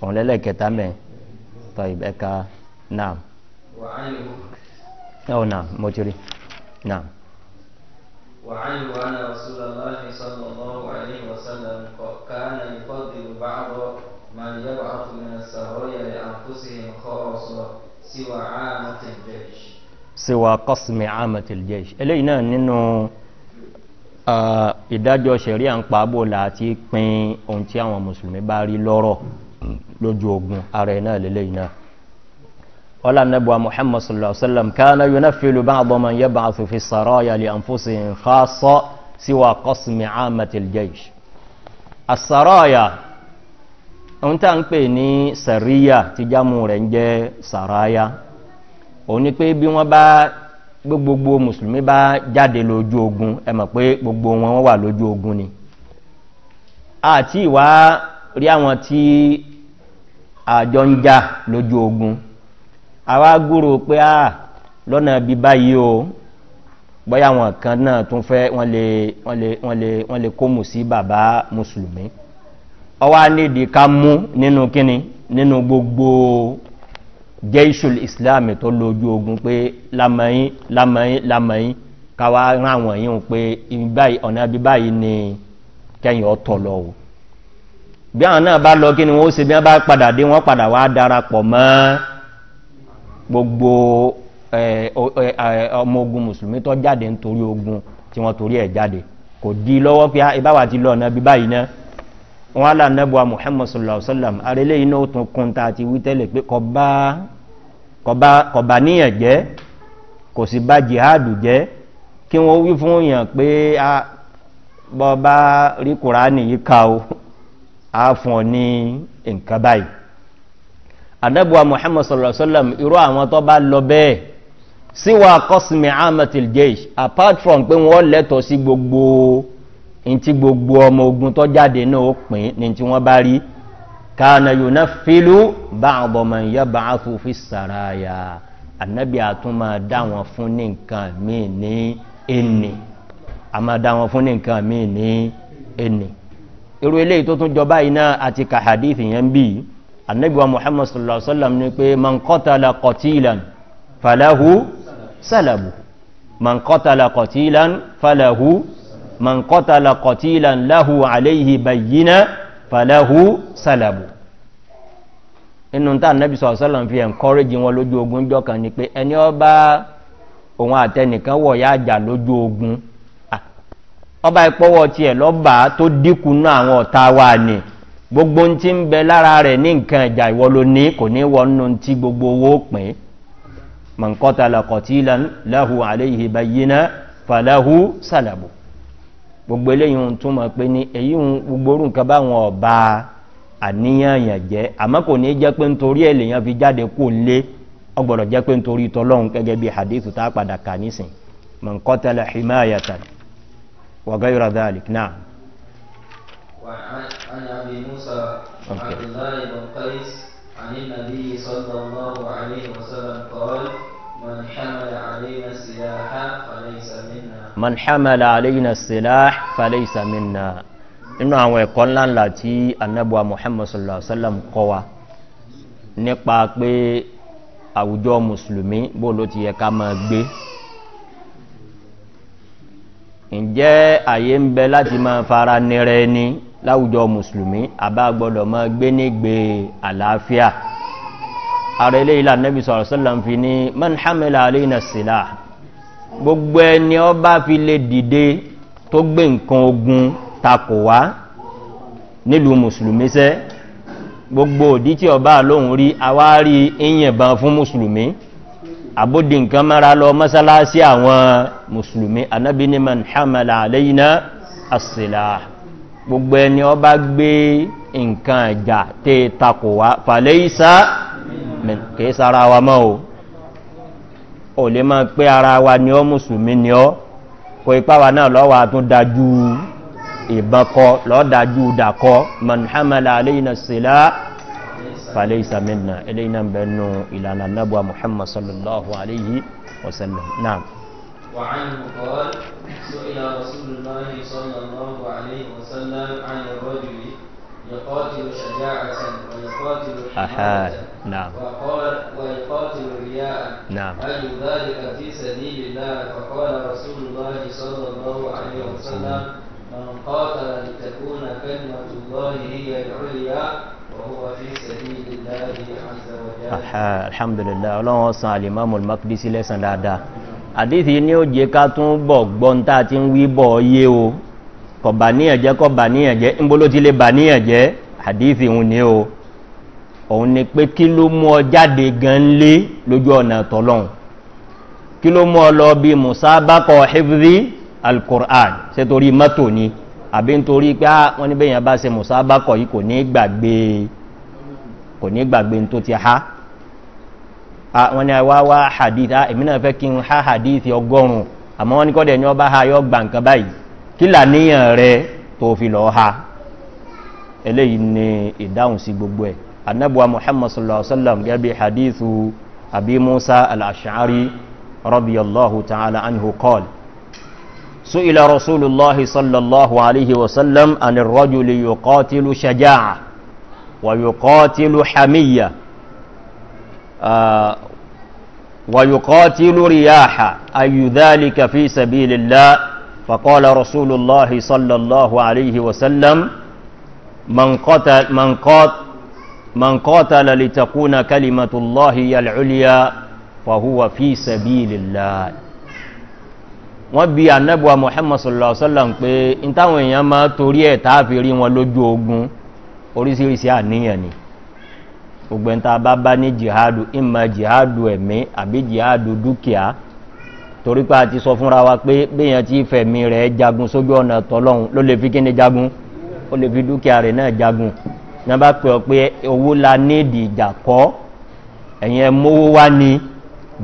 òun lẹ́lẹ́kẹta mẹ́ tọ́ ìbẹ́ka náà ọ̀ náà mo ti rí náà. وعنه أن رسول الله صلى الله عليه وسلم كان يفضل بعض من يبعث من السرايا لأنفسهم خاصة سوى عامة الجيش سوى قسم عامة الجيش إلينا ننو ìdájọ́ sẹ̀ríà ń pa bó la ti pin ohun tí àwọn mùsùlùmí bá rí lọ́rọ̀ lójú ogun ara ẹ̀ náà lélẹ́yìn náà wọ́n lànàbọ̀ muhammad sallallahu alaihi wasallam kánà yóò náà fèlú bá àbọ̀mọ̀ yẹ bá àfòfin sọ̀rọ̀ yàlẹ̀ àǹfóṣe nǹkan sọ síwá kọ́sìmì àmàtìl jẹ́ìṣ àsàrọ̀yà ohun tá ń pè ní sàríyà tí jámù rẹ̀ ń jẹ́ sàráyà òun ni pé bí wọ́n bá gbogbo mùsùlùmí bá jáde lójú ogun ẹ mọ̀ pé gbogbo wọn wà lójú ogun ni àti ìwà rí àwọn tí àjọ ń já lójú ogun àwa gúrò pé à lọ́nà bí báyìí o bọ́yá àwọn kan náà tún fẹ́ wọ́n lè wọ́n kó mù sí bàbá mùsùlùmí ọwá nídi ká mú nínú kíni nínú gbogbo jẹ́ìṣùl islam tó lójú ogun pé lamọ̀yìn lamọ̀yìn lamọ̀yìn káwá rán àwọn yìí pé ọ̀nà bí báyìí ni kẹ́yìn ọ̀tọ̀ lọ́wọ́ bí àwọn náà bá lọ kí ni wọ́n ó se bí wọ́n bá padà dé wọ́n padà wá darapọ̀ mọ́ gbogbo ọmọ ogun mùsùlùmí tó jáde nítorí ogun tí wọ́n torí ẹ̀ jáde kò di lọ́wọ́ pé ìbáwà ah, ti lọ ọ̀nà bí báyìí náà wọ́n alá nẹ́bùwa muhammad sallallahu alaihi wasallam arẹ́lẹ́ iná ó tún kún ta àti wí tẹ́lẹ̀ pé kọba níyàn jẹ́ kò sì bá jihad jẹ́ a fún ọ ní nǹkan báyìí anabuwa muhammad sallallahu alaihi wa sallam irú àwọn tó bá lọ bẹ́ẹ̀ síwá kọ́sìmì amatil jeish apart from pé wọ́n lẹ́tọ̀ sí gbogbo ntí gbogbo ọmọ ogun tó jáde náà ó pín ní tí wọ́n bá rí kàánà yóò ná fílù bá àbọ̀ mọ̀ ìyá bá a fò fi sàráyà anabi àtúmọ̀ dá wọn fún ní nǹkan míì ní ẹnì àmọ́ dá wọn fún ní nǹkan míì ní ẹnì irú eléyìí tó tún jọba yìí náà àti ka hadith yẹn bí anabi wa muhammad sallallahu alaihi wa sallam ni pé man kọ́tàlá kọ́tìlan falahu salabu man kọ́tàlá kọ́tìlan falahu man kọ́tàlá kọ́tìlan lahu alayhi bayyina falahu salabu inú ta anabi sallallahu alaihi wa sallam fi encourage wọn lójú ogun jọ kan ni pé ẹni ọba òun àtẹnìkan wọ̀ ya jà lójú ogun ọba ìpọwọ́ ti ẹ̀ lọ́bà tó dínkù ní àwọn ọ̀ta wa ni gbogbo ń ti ń bẹ lára rẹ̀ ní nǹkan ẹ̀jà ìwọ ló ní kò ní wọ nínú ti gbogbo owó pín mọ̀nkọ́ta lọ́kọ̀tí lẹ́hu àléyìí bẹ̀yìnà fàlẹ́hu sàlẹ̀bù gbogbo eléyìí ń túmọ̀ pé ní èyí ń gbogbo orú nǹkan báwọn ọba àníyàn yẹn jẹ́ àmọ́ kò gẹ́gẹ́ bí hadith tá padà kà nísìn mọ̀nkọ́ta lẹ́hìmáyàtàn وغير ذلك نعم وعن أبي موسى عبد الله بن قيس عن النبي صلى الله عليه وسلم قال من حمل علينا السلاح فليس منا من حمل علينا السلاح فليس منا inú àwọn ẹ̀kọ́ ńláńlá tí anábọ̀ muhammad sallallahu alaihi wasallam kọ́ wa nípa pé àwùjọ mùsùlùmí bó ló ti yẹ ká máa gbé ǹjẹ́ àyè ń bẹ láti máa fara nírẹ ni láwùjọ mùsùlùmí àbá gbọ́dọ̀ máa gbé nígbè àlàáfíà ààrẹ ilé ìlà nẹ́bí sọ̀rọ̀sọ́lá ń fi ní manhamila alina sila gbogbo ẹni ọ bá fi lè dìde tó gbé nǹkan ogun takò wá nílùú mùsùlùmí sẹ́ gbogbo òdí tí ọba lóhun rí awárí ìyẹ̀bọn fún mùsùlùmí àbódì nǹkan mara lọ mọ́sálásí àwọn musulmi anábi ni man hamala alayna asìlá gbogbo ẹni ọ bá gbé nǹkan ẹ̀jà tẹ́ takò wá fàlẹ́ ìsá kìí sára wa mọ́ o ò lè máa pé ara wa ni ọ musulmi ni ọ kò ipá wa náà lọ́wọ́ àtún dájú ìbọn kọ lọ́dájú dàkọ man hamala alayna asìlá فليس منا إلينا بأنه إلى النبوة محمد صلى الله عليه وسلم نعم وعنه قال سئل رسول الله صلى الله عليه وسلم عن الرجل يقاتل شجاعة ويقاتل حماية نعم وقال ويقاتل رياء نعم أي ذلك في سبيل الله فقال رسول الله صلى الله عليه وسلم من قاتل لتكون كلمة الله هي العليا alhamdulillah ọlọ́run ọ̀sán alimami makidisi lẹ́sàn dáadáa àdìsí ní ó jẹ́ ká tún bọ̀ gbọ́n tá a ti ń wí bọ̀ yé o kọ̀ bà níyànjẹ́ kọ̀ bà níyànjẹ́ ńbóló ti lè bà níyànjẹ́ àdìsí òun ni o òun ni pé kí ló mú ọ jáde gan lé lójú ọ̀nà tọ́lọ́hún kí ló mú ọ lọ bí musa bákọ̀ hifzi alkur'an ṣe torí mọ́tò ni àbí nítorí pé ah, wọ́n ní bẹ́yàn bá se mùsábákọ̀ yìí kò ní gbàgbé kò ní gbàgbé tó ti ha ah, wọ́n ní wá wá hadith ah, èmi náà fẹ́ kí n ha hadith ọgọ́rùn àmọ́ wọ́n ní kọ́dẹ̀ ní ọba ha yọ gbà nǹkan báyìí kí làníyàn rẹ tó fi lọ ha eléyìí ni ìdáhùn sí gbogbo ẹ̀ anabuwa muhammad sallallahu ta'ala anhu qala سئل رسول الله صلى الله عليه وسلم عن الرجل يقاتل شجاعة ويقاتل حمية آه ويقاتل رياحا أي ذلك في سبيل الله فقال رسول الله صلى الله عليه وسلم من قتل من قاتل من قاتل لتكون كلمة الله العليا فهو في سبيل الله wọ́n bí anábọ̀wà mohamed sallallahu alaihi wasallam pé in táwọn èèyàn máa torí ẹ̀ tààfi rí wọn lójú ogun orísìírísìí àníyàn ni ogbẹ̀n bá bá ní jihadu ìmọ̀ jihadu ẹ̀mí àbí jihadu dúkìá torí pé a ti sọ fúnra wa pé bíyàn ti fẹ̀mí rẹ̀ jagun sójú ọ̀nà tọ́lọ́hun ló lè fi kíni jagun ó lè fi dúkìá rẹ̀ náà jagun náà bá pè ọ́ pé owó la nídìí ìjà kọ́ ẹ̀yìn ẹ̀ mówó wá ní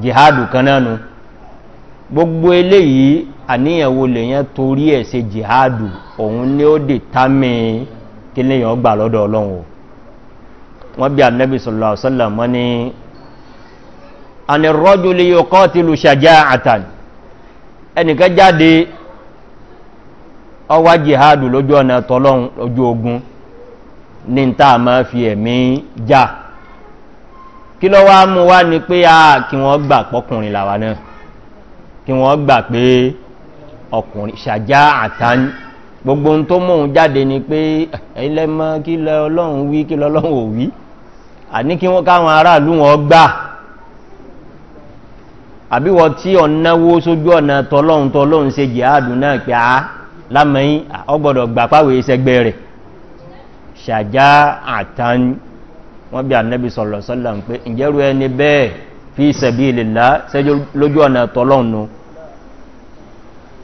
jihadu kan náà nu gbogbo eléyìí àníyànwó lèyàn torí ẹ̀ se jihadu òun ni ó dè támì kí lèyàn gbà lọ́dọ̀ ọlọ́run wọ́n bí annabi sallallahu alaihi wasallam wọ́n ni anirọ́jú lè yóò kọ́ ti lu ṣàjá àtàn ẹnìkan jáde ọwá jihadu lójú ọ̀nà tọ́lọ́run ojú ogun ní ta ma fi ẹ̀mí já kí lọ́wọ́ mú wá ni pé a ah, kí wọ́n gbà pọ́kùnrin làwa náà kí wọ́n gbà pé ọkùnrin ṣàjá àtàní gbogbo ohun tó mọ̀un jáde ni pé ẹlẹ́mọ́ kí lọ ọlọ́run wí kí lọ ọlọ́run ò wí àní kí wọ́n káwọn aráàlú wọn gbà àbíwọ̀ tí ọ̀náwó sójú ọ̀nà tọlọ́run tọlọ́run ṣe jihadu náà pé a lámẹ́yìn ọgbọ̀dọ̀ gbà páwẹ̀ ìṣẹ́gbẹ́ rẹ̀ ṣàjá àtàní wọ́n bí ànẹ́bí sọ̀rọ̀ sọ́lọ̀ pé ìjẹ́rú ẹni bẹ́ẹ̀ fi sẹ̀bí ìlèlá sẹ́jọ́ lójú ọ̀nà tọ́lọ́nù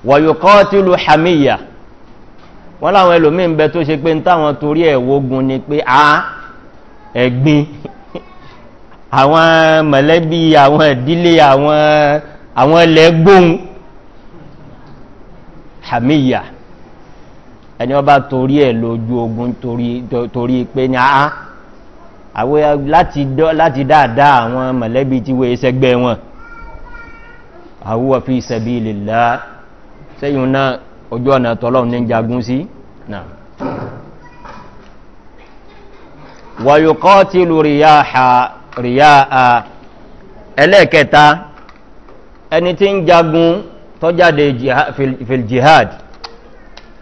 wọ̀yọ̀kọ́ tí lu hamiya wọ́n láwọn ẹlòmíín bẹ tó ṣe pé ń táwọn torí ẹ̀ wogun ni pé a ẹ̀gbin (laughs) àwọn mọ̀lẹ́bí àwọn ìdílé àwọn àwọn ilẹ̀ ẹni wọ́n bá torí ẹ̀ lójú ogun torí pé ni a àwọn láti dáadáa àwọn mọ̀lẹ́bí tí wọ́n ṣẹgbẹ́ wọn àwúwà fi ìṣẹ̀bí ìlèlá sẹ́yìn náà ojú ọ̀nà tọ́lọ́un ní jagun sí náà wàyùkọ́ tí lù ríyà à ẹlẹ́ẹ̀kẹta ẹni tí ń jagun tó jáde fil jihad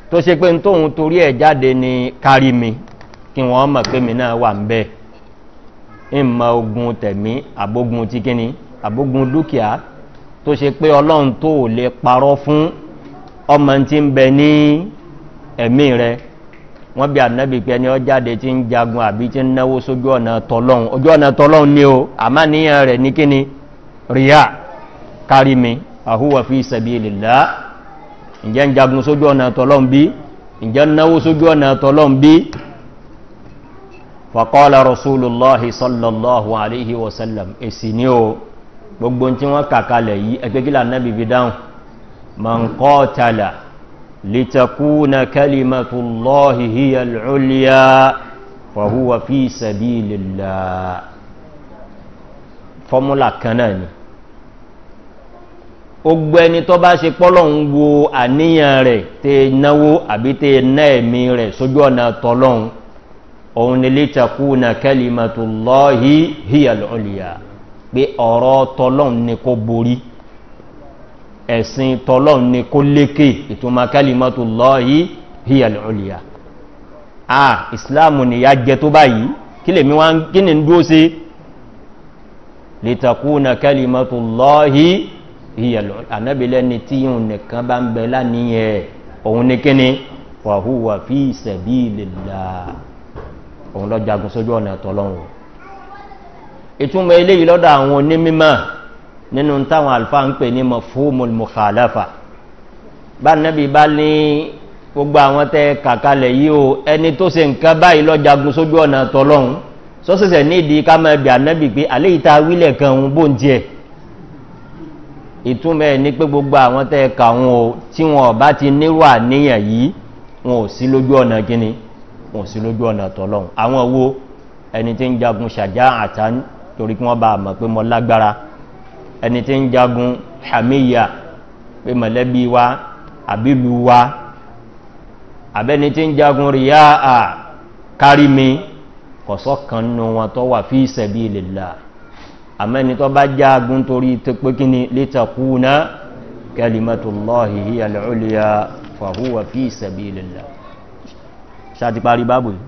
tó ṣe pé tóhun torí ẹ̀ jáde ní kárí mi kí wọ́n mọ̀ pé mi náà wà ń bẹ́ẹ̀ ìmọ̀ ogun tẹ̀mí àbógun ti kíni àbógun dúkìá tó ṣe pé ọlọ́run tó ò lè parọ́ fún ọmọ tí ń bẹ ní ẹ̀mí rẹ wọ́n bí ànábì pé ẹni ọ jáde tí ń jagun àbí tí ń náwó sójú ọ̀nà tọ́lọ́run ojú ọ̀nà tọ́lọ́run ni o àmá níyàn rẹ̀ ní kíni ríà kárí mi àhúwà fi ìsẹ̀bí ìlìlá ìjẹ́ ń jagun sójú ọ̀nà tọ́lọ́run bí ìjẹ́ náwó sójú ọ̀nà tọ́lọ́run bí fọ̀kọ́lá rasulullahi sallallahu alaihi wasallam èsì ní o gbogbo tí wọ́n kàkalẹ̀ yìí ẹgbẹ́gílà náàbì fi dáhùn ma ń kọ́ tààlà litakuna kalimatullahi hiya al'uliya fahuwa fi sabi lilla fọ́múlà kanáà ni ogbo ẹni tó bá ṣe pọ́lọ̀ ń wo àníyàn rẹ̀ tẹ́ náwó àbí tẹ́ náà ẹ̀mí rẹ̀ sójú ọ̀nà tọ́lọ́hun òun ni lítakúnà kẹlìmọ̀tòlọ́hì híyàlọ́lìyà pé ọ̀rọ̀ tọ́lọ́n ni kó borí ẹ̀sìn tọ́lọ́n ni kó lékè ìtumà kẹlìmọ̀tòlọ́hì híyàlọ́lìyà a ìsìláàmù ni ya jẹ tó báyìí kí lè mi wá ń kí ni ń dúó sí lítakúnà kẹlìmọ̀tòlọ́hì híyàlọ́lìyà anábìlẹ́ni tí òun lọ jagun sójú ọ̀nà tọ́lọ́hún ìtumọ̀ eléyìí lọ́dọ̀ àwọn onímọ̀ nínú táwọn àlùfáà ń pè ní mafhumul mukhalafa bá nàbí bá ní gbogbo àwọn tẹ kàkalẹ̀ yìí o ẹni tó ṣe nǹkan báyìí lọ jagun sójú ọ̀nà tọ́lọ́hún sọ́sẹ̀sẹ̀ nídìí ká máa bẹ̀ ànábì pé àlẹ́ ìta wílẹ̀ kan òun bó ń jẹ́ ìtumọ̀ ẹ̀ ní pé gbogbo àwọn tẹ́ ẹ̀ka o tí wọn ọ̀bá ti nírò àníyàn yìí wọn ò sí lójú ọ̀nà gíní wọn sí lójú ọ̀nà tọ́lọ́hun àwọn owó ẹni tí ń jagun ṣàjá àtàn torí kí wọ́n bá mọ̀ pé mo lágbára ẹni tí ń jagun hamiya pé mọ̀lẹ́bí wa àbílù wa àbẹ́ni tí ń jagun ríyá à kárí mi kọ̀sọ́ kan nù wọn tó wà fi ìsẹ̀bí ìlèlà àmẹ́ni tó bá jagun torí ti pé kí ni lítàkúnà kẹlìmọ́tò lọ́hìhí àlẹ́ òlìyà fàhúwà fi ìsẹ̀bí ìlèlà ṣáàtì parí báàbù yìí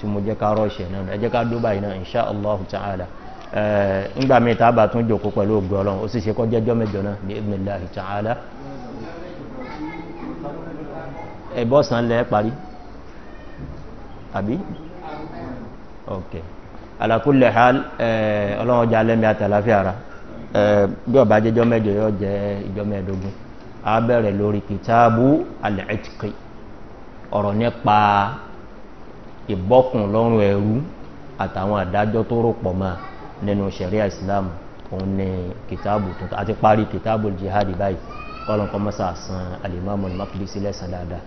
tí mo jẹ́ ká rọ́ọ̀ṣẹ̀ náà ẹ jẹ́ ká dó báyìí náà insha allah ta'ala ńgbà mi ta bá tún jòkó pẹ̀lú ògbọ́ ọlọ́run ó sì ṣe kọjá jọ́ mẹ́jọ náà ní ibn allah ta'ala ẹ̀bọ́sàn lẹ́ parí àbí ok alakulẹ̀ hal ọlọ́run jẹ́ ìjọ́ ọ̀rọ̀ nípa ìbọ́kùn lọ́rùn ẹrú àtàwọn àdájọ́ tó rọ̀pọ̀ mọ́ nínú sẹ̀ríà ìsìláàmù òun ni kìtàbù tuntun àti parí kìtàbù jihadi báyìí kọ́lọ́n kọ́ mọ́sà san alimami makilisi lẹ́sàn dáadáa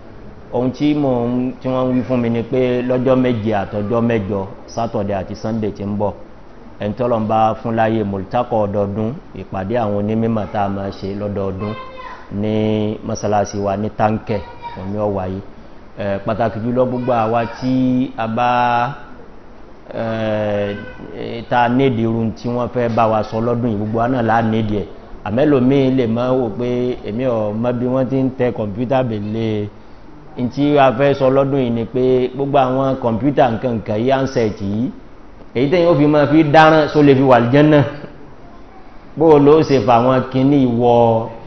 ohun tí mò ń tí wọ́n wí fún mi ni pé lọ́jọ́ méje àtọ́jọ́ mẹ́jọ sátọ̀dẹ̀ àti sannde ti ń bọ̀ ẹni tọ́lọ̀ ń bá fún láyé mọ̀lítákọ̀ ọdọọdún ìpàdé àwọn onímọ̀ tá a máa ṣe lọ́dọọdún ní mọ́sálásí wa ní táǹkẹ̀ òun ni Eh, pàtàkì jùlọ gbogbo àwa tí a bá eh, eh, ta nédìí irun tí wọ́n fẹ́ bá wa sọ lọ́dún yìí gbogbo wa náà láà nédìí ẹ̀ àmẹ́lòmí lè mọ́ wò pé èmi ọ̀mọ́ bí wọ́n ti ń tẹ kọ̀mpútà bèlè ntí a fẹ́ sọ lọ́dún yìí ni pé gbogbo àwọn kọ̀mpútà nkankan yìí ansẹ̀tì yìí èyí tẹ́yìn ó fi máa fi dáràn só lè fi wà àlìjánná bó o ló ṣe fà wọn kíní ìwọ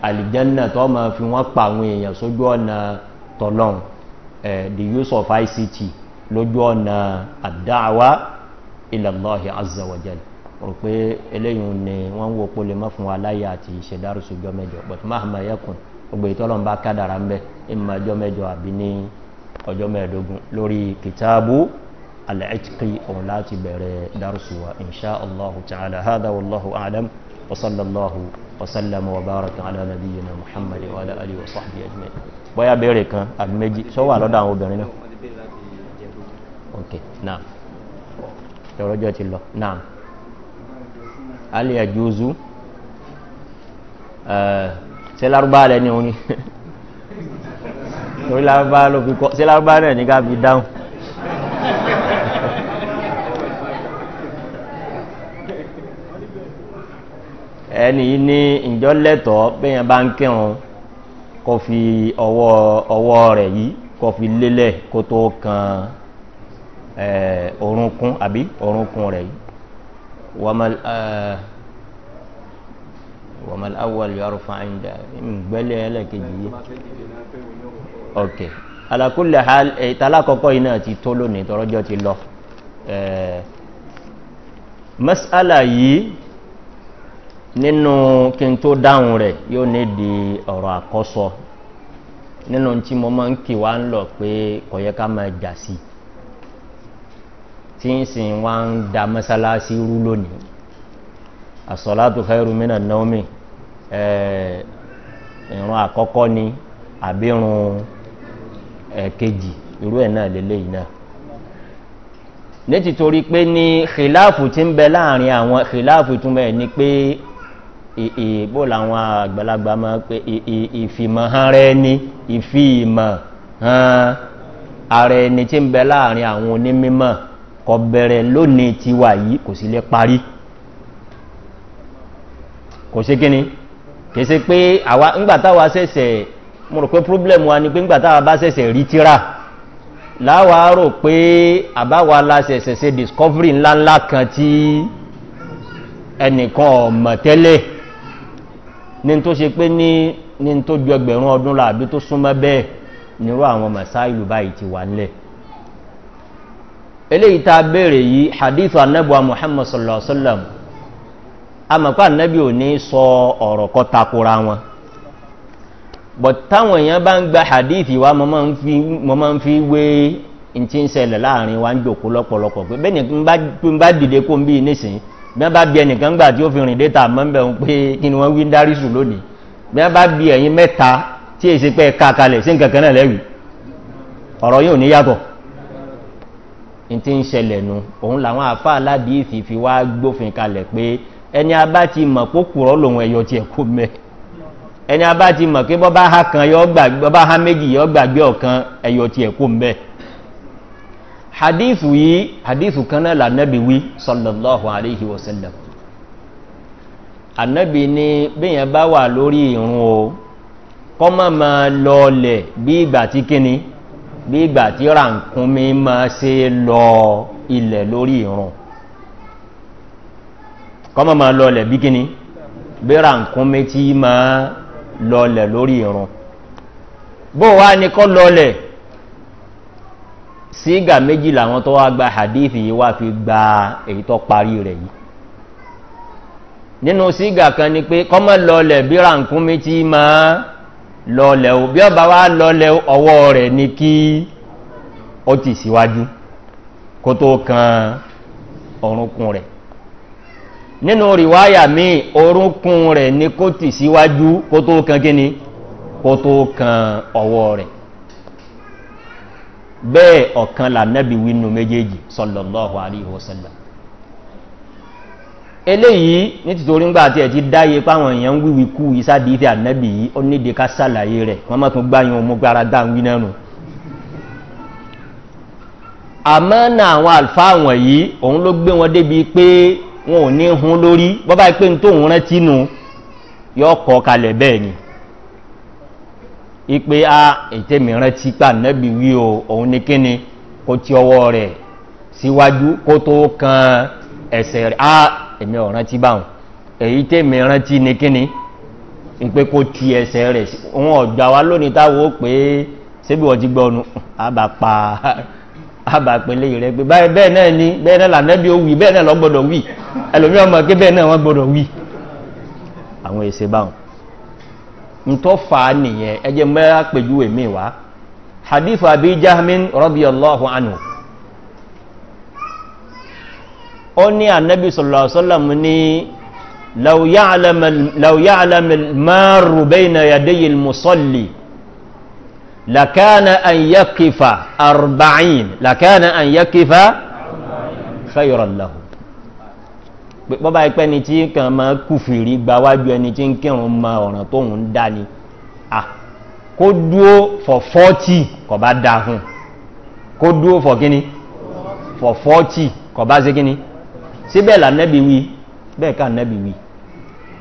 àlìjánná tó máa fi wọ́n pa àwọn èèyàn sójú ọ̀nà tọ̀lọ́hùn Eh, the use of ict lójú ọ̀nà àdáwà ilẹ̀lọ́hì azawajal rò pé eléyìn ni wọ́n ń wo pó lè mọ́ fún aláyà àti ìṣẹ̀dárù sójọ́ mẹ́jọ but mahama yẹkùn gbogbo ìtọ́lọ́n bá kádàrà ń bẹ́ ìmọ̀ ọjọ́ mẹ́jọ àbí ní ọjọ́ mẹ́ẹ̀ẹ́dógún lórí kìtàbù alẹ́ẹ̀kì òun láti bẹ̀rẹ̀ dárùsùwà inṣá allahu ta'ala hada wallahu alam وصلى الله وسلم وبارك على نبينا محمد وعلى اله وصحبه اجمعين bóyá béèrè kan àbí méjì sọ wà lọ́dọ̀ àwọn obìnrin náà ok naam ìrọ́jọ́ ti lọ naam alẹ́ àjòzú ṣé lárúbá alẹ́ ni òun ni torí lárúbá ló fi kọ́ ṣé lárúbá náà ní ká fi dáhùn. ẹni yìí ní ìjọ lẹ́tọ̀ bẹ́yàn bá ń kírun kò fi ọwọ́ rẹ̀ yìí kò fi lélẹ̀ kó tó kan orúnkún àbí orúnkún rẹ̀ yìí wàmàl awwal yọrọ fàáyìndà ìgbẹ́lẹ̀ ẹlẹ́kejì yìí ok alakulẹ̀ ìtàlákọ́kọ́ iná ti tó lónìí tọrọjọ́ ti lọ masala yìí nínú kí n tó dáhùn rẹ̀ yóò ní di ọ̀rọ̀ àkọ́sọ nínú tí mo máa ń kì wá ń lọ pé kò yẹ ká máa jà sí tí ń sìn wá ń da mọ́sálásí rú lónìí àsọ̀látò khairu minan nawmi ìrun àkọ́kọ́ ni àbí ìrun ẹ̀kejì irú ẹ̀ náà lélẹ́yìí náà ní títorí pé ní khilafu ti ń bẹ láàrin àwọn khilafu túnbẹ̀ ni pé ìbò làwọn àgbàlagbà máa pé ìfìmọ̀ hàn rẹ ní ìfi ìmọ̀ hàn ààrẹ ẹni tí ń bẹ láàrin àwọn onímọ̀ kọ bẹ̀rẹ̀ lónìí ti wà yìí kò sí lè parí kò sí kíni kìí ṣe pé àwa ńgbàtàwà sẹ̀sẹ̀ mo rò pé problem wa ni pé ńgbàtàwà bá sẹ̀sẹ̀ rí tíra láwa pé àbáwa la se discovery ńláńlá kan tí ẹnìkan ọ̀mọ̀ tẹ́lẹ̀ ní tó ṣe pé ní ní tó ju ẹgbẹ̀rún ọdún láàbí tó súnmọ́ bẹ́ẹ̀ nírú àwọn masáìlú báyìí ti wà nílẹ̀ eléyìí tá yìí hadith anabuwa muhammad sallallahu alaihi wa sallam amọ̀pá anabi ò ní sọ ọ̀rọ̀ kọ́ takora wọn but táwọn èèyàn bá ń gba hadith wa mo máa ń fi wé ntí ń ṣẹlẹ̀ láàrin wa ń jòkó lọ́pọ̀lọpọ̀ pé bẹ́ẹ̀ ni n bá dìde kó n bí nísìnyí bí wọ́n bá bí ẹnìkan gbà tí ó fi rìn déta mọ́ ń bẹ̀ ń pé kí ni wọ́n wí ń dárí sùn lónìí bí wọ́n bá bí ẹ̀yin mẹ́ta tí èsì pé ká kalẹ̀ sí nǹkan kan náà lẹ́wì ọ̀rọ̀ yóò ní yàtọ̀ n ti ń ṣẹlẹ̀ nu òun làwọn àfa aládìísì fi wá gbófin kalẹ̀ pé ẹni abá ti mọ̀ kó kùrọ̀ lòun ẹ̀yọ tiẹ̀ kó mẹ́ ẹni abá ti mọ̀ pé bọ́ bá ha kan yọ gbàgbé ọ̀kan ẹ̀yọ tiẹ̀ kó mẹ́ hadithu yìí hadithu kan náà lànàbí wí sallallahu alayhi wa sallam ànàbí ni bíyàn bá wà lórí ìrún o kọ́ má ma lọlẹ̀ bí ìgbà tí kíni bí ìgbà tí ràǹkúnmi máa ṣe lọ ilẹ̀ lórí ìrún kọ́ má ma lọlẹ̀ bí kíni bí ràǹkúnmi tí máa lọlẹ̀ lórí ìrún bó wá ní kọ́ lọlẹ̀ sígà méjì làwọn tó wá gba hadith yìí wá fi gba èyí tó parí rẹ̀ yìí nínú sígà kan ni pé kọ́mọ lọlẹ̀ bí rànkúnmí tí máa lọlẹ̀ o bí ọba wá lọlẹ̀ ọwọ́ rẹ̀ ni kí ó ti síwájú kó tó kan ọrùnkún rẹ̀ nínú rìwáyà míì orúnkún rẹ̀ ni kó ti síwájú kó tó kan kíni kó tó kan ọwọ́ rẹ̀ bẹ́ẹ̀ ọ̀kan lànẹ́bí wínú méjèèjì sọlọ̀lọ́hù àríwọ̀sẹ̀lẹ̀ eléyìí ní tìtorí ńgbà tí ẹ̀ ti dáyé páwọn èèyàn ń wíwí kú ìsádìífẹ́ ànẹ́bí yìí ó ní ìdíká sàlàyé rẹ̀ wọ́n mọ́ tún gbáyàn mú gbára dáhùn wínẹ́nu àmọ́ náà àwọn àlfáà wọ̀n yìí òun ló gbé wọn débi pé wọn ò ní hun lórí bọ́bá pé ń tóun rántí nù yọ ọkọ̀ kalẹ̀ bẹ́ẹ̀ ipe a ah, ètè mìíràn tí pa nẹ́bí wí o òun ní kíni kó tí ọwọ́ rẹ̀ síwájú kó tó kan ẹ̀sẹ̀ rẹ̀ a ah, èmi ọ̀ràn tí báhùn èyí tè mìíràn tí ní kíni ipe kó ti ẹ̀sẹ̀ rẹ̀ òun ọ̀gbà wa lónìí táwọn ó pé sébí wọ́n ti gbọ́ ọnu àbá (laughs) pa àbá pẹ̀lẹ́ rẹ̀ pé báyìí bẹ́ẹ̀ náà ni bẹ́ẹ̀ náà lànẹ́bí ó wì bẹ́ẹ̀ náà lọ wì ntọ́ fa nìyẹn ẹjẹ mẹ́ra pẹ̀lú èmi wá hadith abi jahmin rọ́bì allahu anu ó ní anabi sallallahu sallam ní lauya alamaru bẹ́ẹ̀na yadayi musalli lakana an yakifa arba'in lakana an yakifa khayran lahu bọ́bá ẹpẹ́ ni tí kàn máa kùfìrí gbáwájú ẹni tí ń kírun ma ọ̀ràn tóun dá ni ah kó dúó for forty kọ̀ bá dáa fún kó dúó for kíni for forty kọ̀ bá ṣe kíni síbẹ̀ lànẹ́bí wí bẹ́ẹ̀ ká ànẹ́bí wí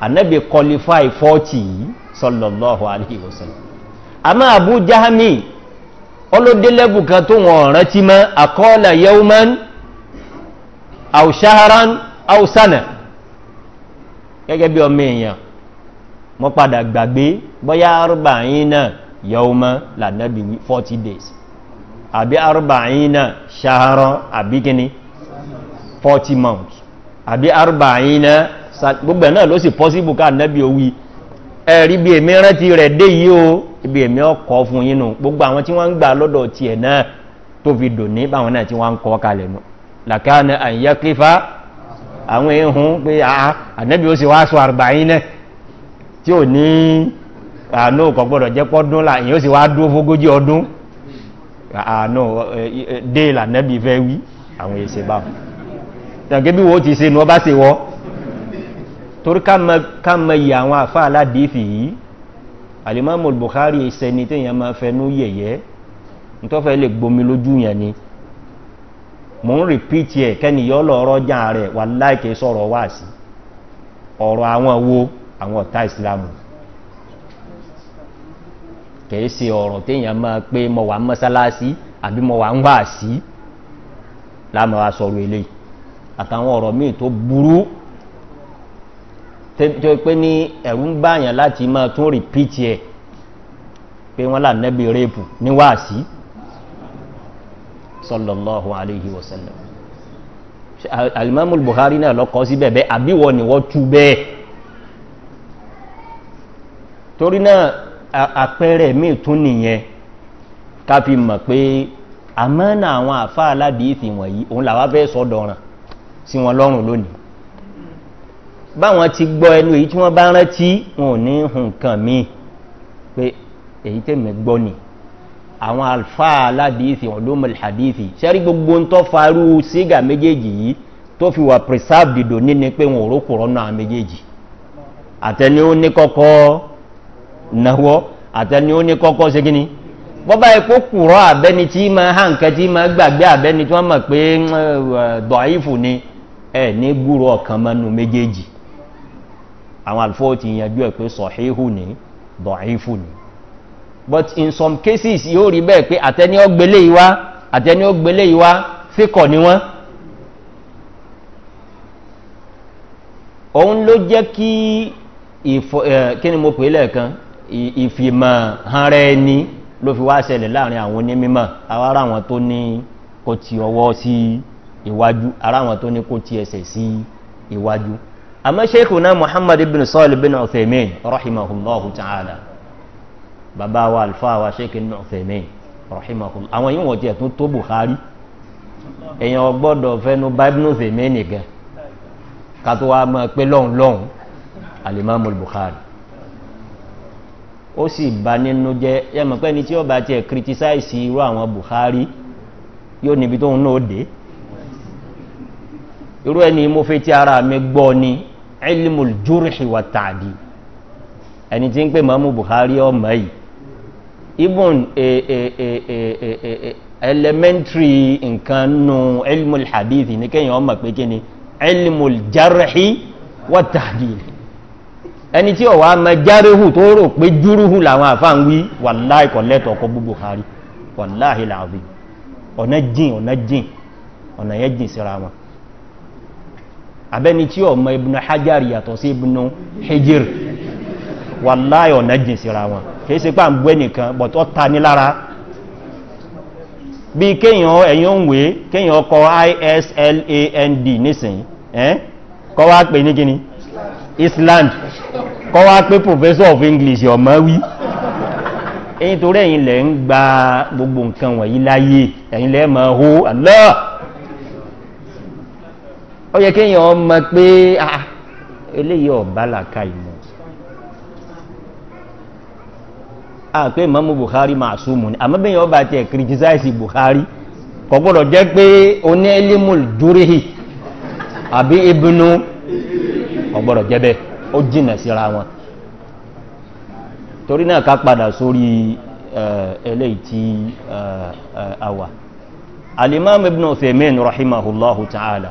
ànẹ́bí qualify forty yìí sọlọ́lọ́hu alayhi wa sallam àmọ́ àbú jahami ọlọ́dẹ́lẹ́bù kan tó wọ̀n rántí mọ́ àkọọ́lẹ̀ yẹ́wùmán àwùṣáharán hausana gẹ́gẹ́ bí ọmọ èèyàn mo padà gbàgbé bọ́yá arúbàáyín náà yọ̀ọ́mọ́ lànàbí forty days àbí arúbàáyín náà ṣàárọ̀ àbí kíní 40 months àbí arúbàáyín náà gbogbo náà ló sì pọ́síbù ká nẹ́bí owí ẹ̀rí bí èmi rántí rẹ̀ dé yìí o ibi èmi ọkọ̀ fún yínú gbogbo àwọn tí wọ́n ń gbà lọ́dọ̀ tiẹ̀ náà tó fi dò ní báwọn náà tí wọ́n ń kọ́ kalẹ̀ nù làkánà àyíyá kífà àwọn ehun pé ah, ah, ànẹ́bí ó sì wá sọ àrùbáyín náà tí ò ní àánú ah, kọ̀ gbọ́dọ̀ jẹ́ pọ́dún là èyí ó sì wá dúró fógójì ọdún àánú dé lànẹ́bí fẹ́ wí àwọn èsè bá wọn tàǹkẹ́ bí wo ti ṣe nu ọba ṣe wọ́ torí ká àwọn àfa aládìífì yìí alimami buhari ìṣẹ́ni téèyàn máa fẹnu yẹ̀yẹ́ ntọ́fẹ́ lè gbomi lójú yẹn ni. mò ń rìpítì ẹ̀ kẹ́niyọ́ lọ rọ́jà rẹ̀ wà láìké sọ̀rọ̀ wá sí ọ̀rọ̀ àwọn wo àwọn ọ̀tá ìsìlámù kìí ṣe ọ̀rọ̀ téèyàn máa pé mọ̀ wà mọ́sálásí àbí mọ̀ wà ń wà sí láàmú wa sọ̀rọ̀ eléyìí àtàwọn ọ̀rọ̀ míì tó burú tó pé ní ẹ̀rú ń báyàn láti máa tún rìpítì ẹ̀ pé wọ́n là nẹ́bi rẹ́pù níwáàsí. Si sallallahu alayhi wa sallam alimami buhari náà lọ kọ́ sí bẹ́ẹ̀ bẹ́ẹ̀ àbí wọ́n ni wọ́n tú bẹ́ẹ̀ torí náà àpẹẹrẹ míì tún nìyẹn ká fi mọ̀ pé àmọ́nà àwọn àfa aládìísì wọ̀nyí òun làwọn fẹ́ sọ́dọ̀ràn sí wọn lọ́rùn lónìí báwọn ti gbọ́ ẹnu èyí tí wọ́n bá rántí wọn ò ní nǹkan míì pé èyí tẹ̀mí gbọ́ nìí àwọn alfa aládìísì ọ̀dọ́mọ̀lì hadithi sẹ́rí gbogbo ń tọ́ farú sígà méjèèjì yìí tó fi wà preserved dò ní ni pé wọn ò rókòrọ́ náà méjèèjì àtẹni ó ní kọ́kọ́ náwọ́ àtẹni ó ní kọ́kọ́ ṣe kíni bọ́bá epo kùrọ́ àbẹ́ni tí máa hàn kẹ́ tí máa gbàgbé àbẹ́ni tí wọ́n mọ̀ pé dọ̀ífù ni ẹ̀ ní gbúrò ọ̀kan mọ́nu méjèèjì àwọn àlùfọ́ ti yanjú ẹ̀ pé sọ̀híhù ni dọ̀ífù ni but in some cases yóò rí bẹ́ẹ̀ pé àtẹni ọgbẹ́lé yìí wá àtẹni ọgbẹ́lé yìí wá fíkọ̀ ni wọ́n. òun ló jẹ́ kí ìfọ ẹ kí ni mo pè é lẹ́ẹ̀kan ìfìmọ̀ hanra ẹni ló fi wá ṣẹlẹ̀ láàrin àwọn onímọ̀ ara àwọn tó ní kò ti ọwọ́ sí ìwájú ara àwọn tó ní kò ti ẹsẹ̀ sí ìwájú àmọ́ sheikh muhammad ibn sọ́ọ̀lù bin ọ̀fẹ̀mẹ́ rahimahullahu ta'ala bàbá wa alfa wa sheikh nufẹmi rahimahul àwọn yìí wọ́n tiẹ̀ tún tó buhari èèyàn gbọ́dọ̀ fẹ́nu bible nufẹmi nìkan kátó wa máa pé lọ́hùn lọ́hùn alimami buhari ó sì bá nínú jẹ́ yẹ́mọ̀ pé ní tí ó bá tiẹ̀ kìrìtísáìsì irú àwọn buhari yóò níbi tóun náà dé irú ẹni mo fẹ́ ti ara mi gbọ́ ni ilmul jurhi wa taadi ẹni tí ń pè mọ́mú buhari ọmọ yìí even elementary nkan nu ilmul hadithi ni kéèyàn ọmọ pé kí ni ilmul jarhi wàtàdì ẹni tí ọ̀wà ama jarihu tó rò pé juruhu làwọn àfáàn wí wàláì kọ̀ lẹ́tọ̀ ọkọ̀ gbogbo kárí wàláì làwọn ọ̀nà jìn ọ̀nà jìn ọ̀nà yẹn jìn síra wọn abẹ́ni tí ọmọ ibùnà hajjari yàtọ̀ sí ibùnà hijir wàláì ọ̀nà jìn síra wọn kìí ṣe pà ń gbé nìkan but ọ́ ta ní lára bí kéèyàn ẹ̀yìn òǹwé kéèyàn ọkọ̀ island nísìnyí ẹ́ kọ́ wá pè ní kíni island kọ́ wá pé professor of english ọmọ wí èyí torí ẹ̀yìn lẹ̀ ń gba gbogbo nǹkan wọ̀nyí láyé ẹ̀yìn lẹ́ mọ̀ hó àlọ́ ó yẹ kéèyàn ọmọ pé ah, eléyìí ọ̀bá làkà ìmọ̀ a pé mọ́mú buhari máa súnmù ní àmọ́ bẹ́yìn ọba tẹ̀ kìrìtìsáìsì buhari kò gbọ́dọ̀ jẹ́ pé oní elimul dúríhì àbí ibùnú kò gbọ́dọ̀ jẹ́ bẹ́ẹ̀ ó jìnà síra wọn torí náà ká padà sórí eh, eléyìí tí eh, a wà alimami ibn othemin rahimahullahu ta'ala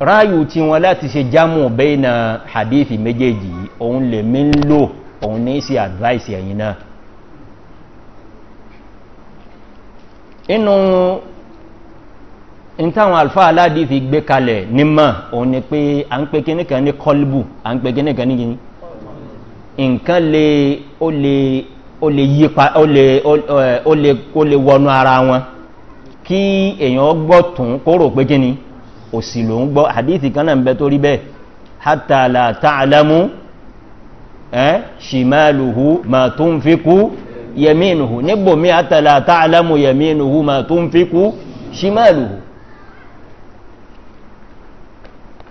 ráyù tí wọn láti ṣe jámù bẹ́ẹ̀ na hadithi méjèèjì òun lè mí ń lò òun ní sí advice ẹ̀yìn náà inú in táwọn alfa aláàdì fi gbé kalẹ̀ òun ni pé à ń pe kíní kan ní kọlbù à ń pe kíní kan ní kíní nǹkan lè ó lè yípa ó ara wọn kí èèyàn gbọ́ tún kó osi pé kíní òsì kananbe gbọ́ àdìsí kan náà ń ṣìmáàlùhù eh? ma tó ń fi kú yẹmínuhù nígbòmí àtàlà tààlámù yẹmínuhù ma tó ń fi kú ṣìmáàlùhù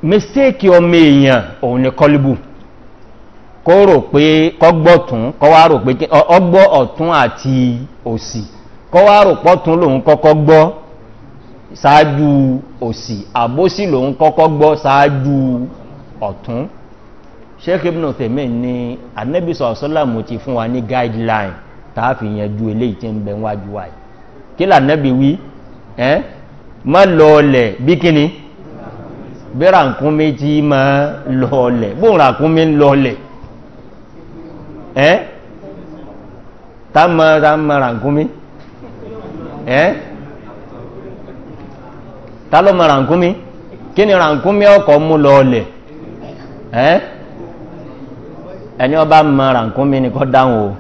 mistéèkì ọmọ èèyàn òun ni kọlíbù kó rò pé kọgbọ́tún kọ́ rò pé ọgbọ́ ọ̀tún àti òsì kọ́ rò pọ́tún lòun kọkọ gbọ́ ṣáájú òsì lòun gbọ́ sheikh ibn uthaymi ni anabi sallallahu ti fun wa ni guideline ta fi yanju eleyi ti n be nwaju wa ki la anabi wi eh ma lole bikini bera nkumi ti ma lole bo ra kumi lole eh ta ma ta ma ra nkumi eh ta ma ra nkumi kini ra nkumi mu mu lole eh ẹni ọba mara nǹkan mi nìkan dáhùn o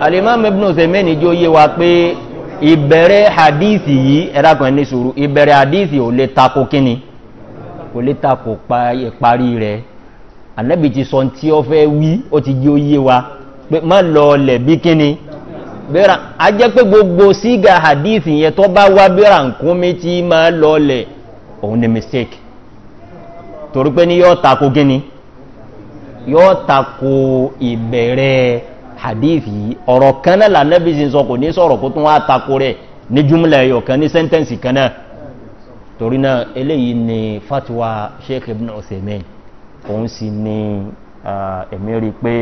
alimami ibn ose ni jó yé wa pé ìbẹ̀rẹ̀ hadithi yìí ẹ̀rá ní sùúrù ìbẹ̀rẹ̀ hadithi ò lè tako kíni ko lè tako parí rẹ̀ anabi ti sọ tí ọ fẹ́ wí ti jó yé wa pé má lọ lẹ̀ bí kíni a jẹ́ pé gbogbo síga hadithi yẹn tó bá wá bẹ́ẹ̀rẹ̀ nǹkan ti máa lọ lẹ̀ torí pé ní yóò tako gíní yóò tako ìbẹ̀rẹ̀ hadithi ọ̀rọ̀ kan náà lànàbí sí sọ kò ní sọ̀rọ̀ kó tún wá tako rẹ̀ ní júmùlẹ̀ ẹ̀yọ̀ kan ní sẹ́ńtẹ́ǹsì kan torí náà eléyìí ni fatiwa sheikh ibn ọ̀sẹ̀mẹ́ni òun sì ni ẹ̀mí rí pé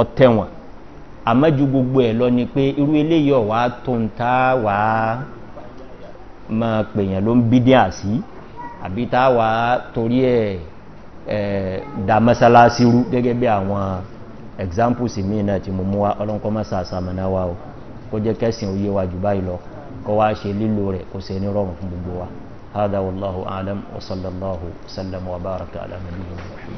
ọ̀tẹ̀wọ̀n àmọ́jú gbogbo ẹ̀ lọ ni pé irú eléyìí ọ̀wá tó ń ta wàá máa pèèyàn ló ń bídí àsí àbí táwà torí ẹ̀ dàmẹ́sàlásírú gẹ́gẹ́ bí àwọn examples mi náà ti mú mú wá ọlọ́nkọ́ mẹ́sà sàmìnáwá o kó jẹ́ kẹ́sìn òye wa jù báyìí lọ kọ́ wá ṣe lílò rẹ̀ kó se ní rọrùn fún gbogbo wa هذا والله أعلم وصلى الله وسلم وبارك على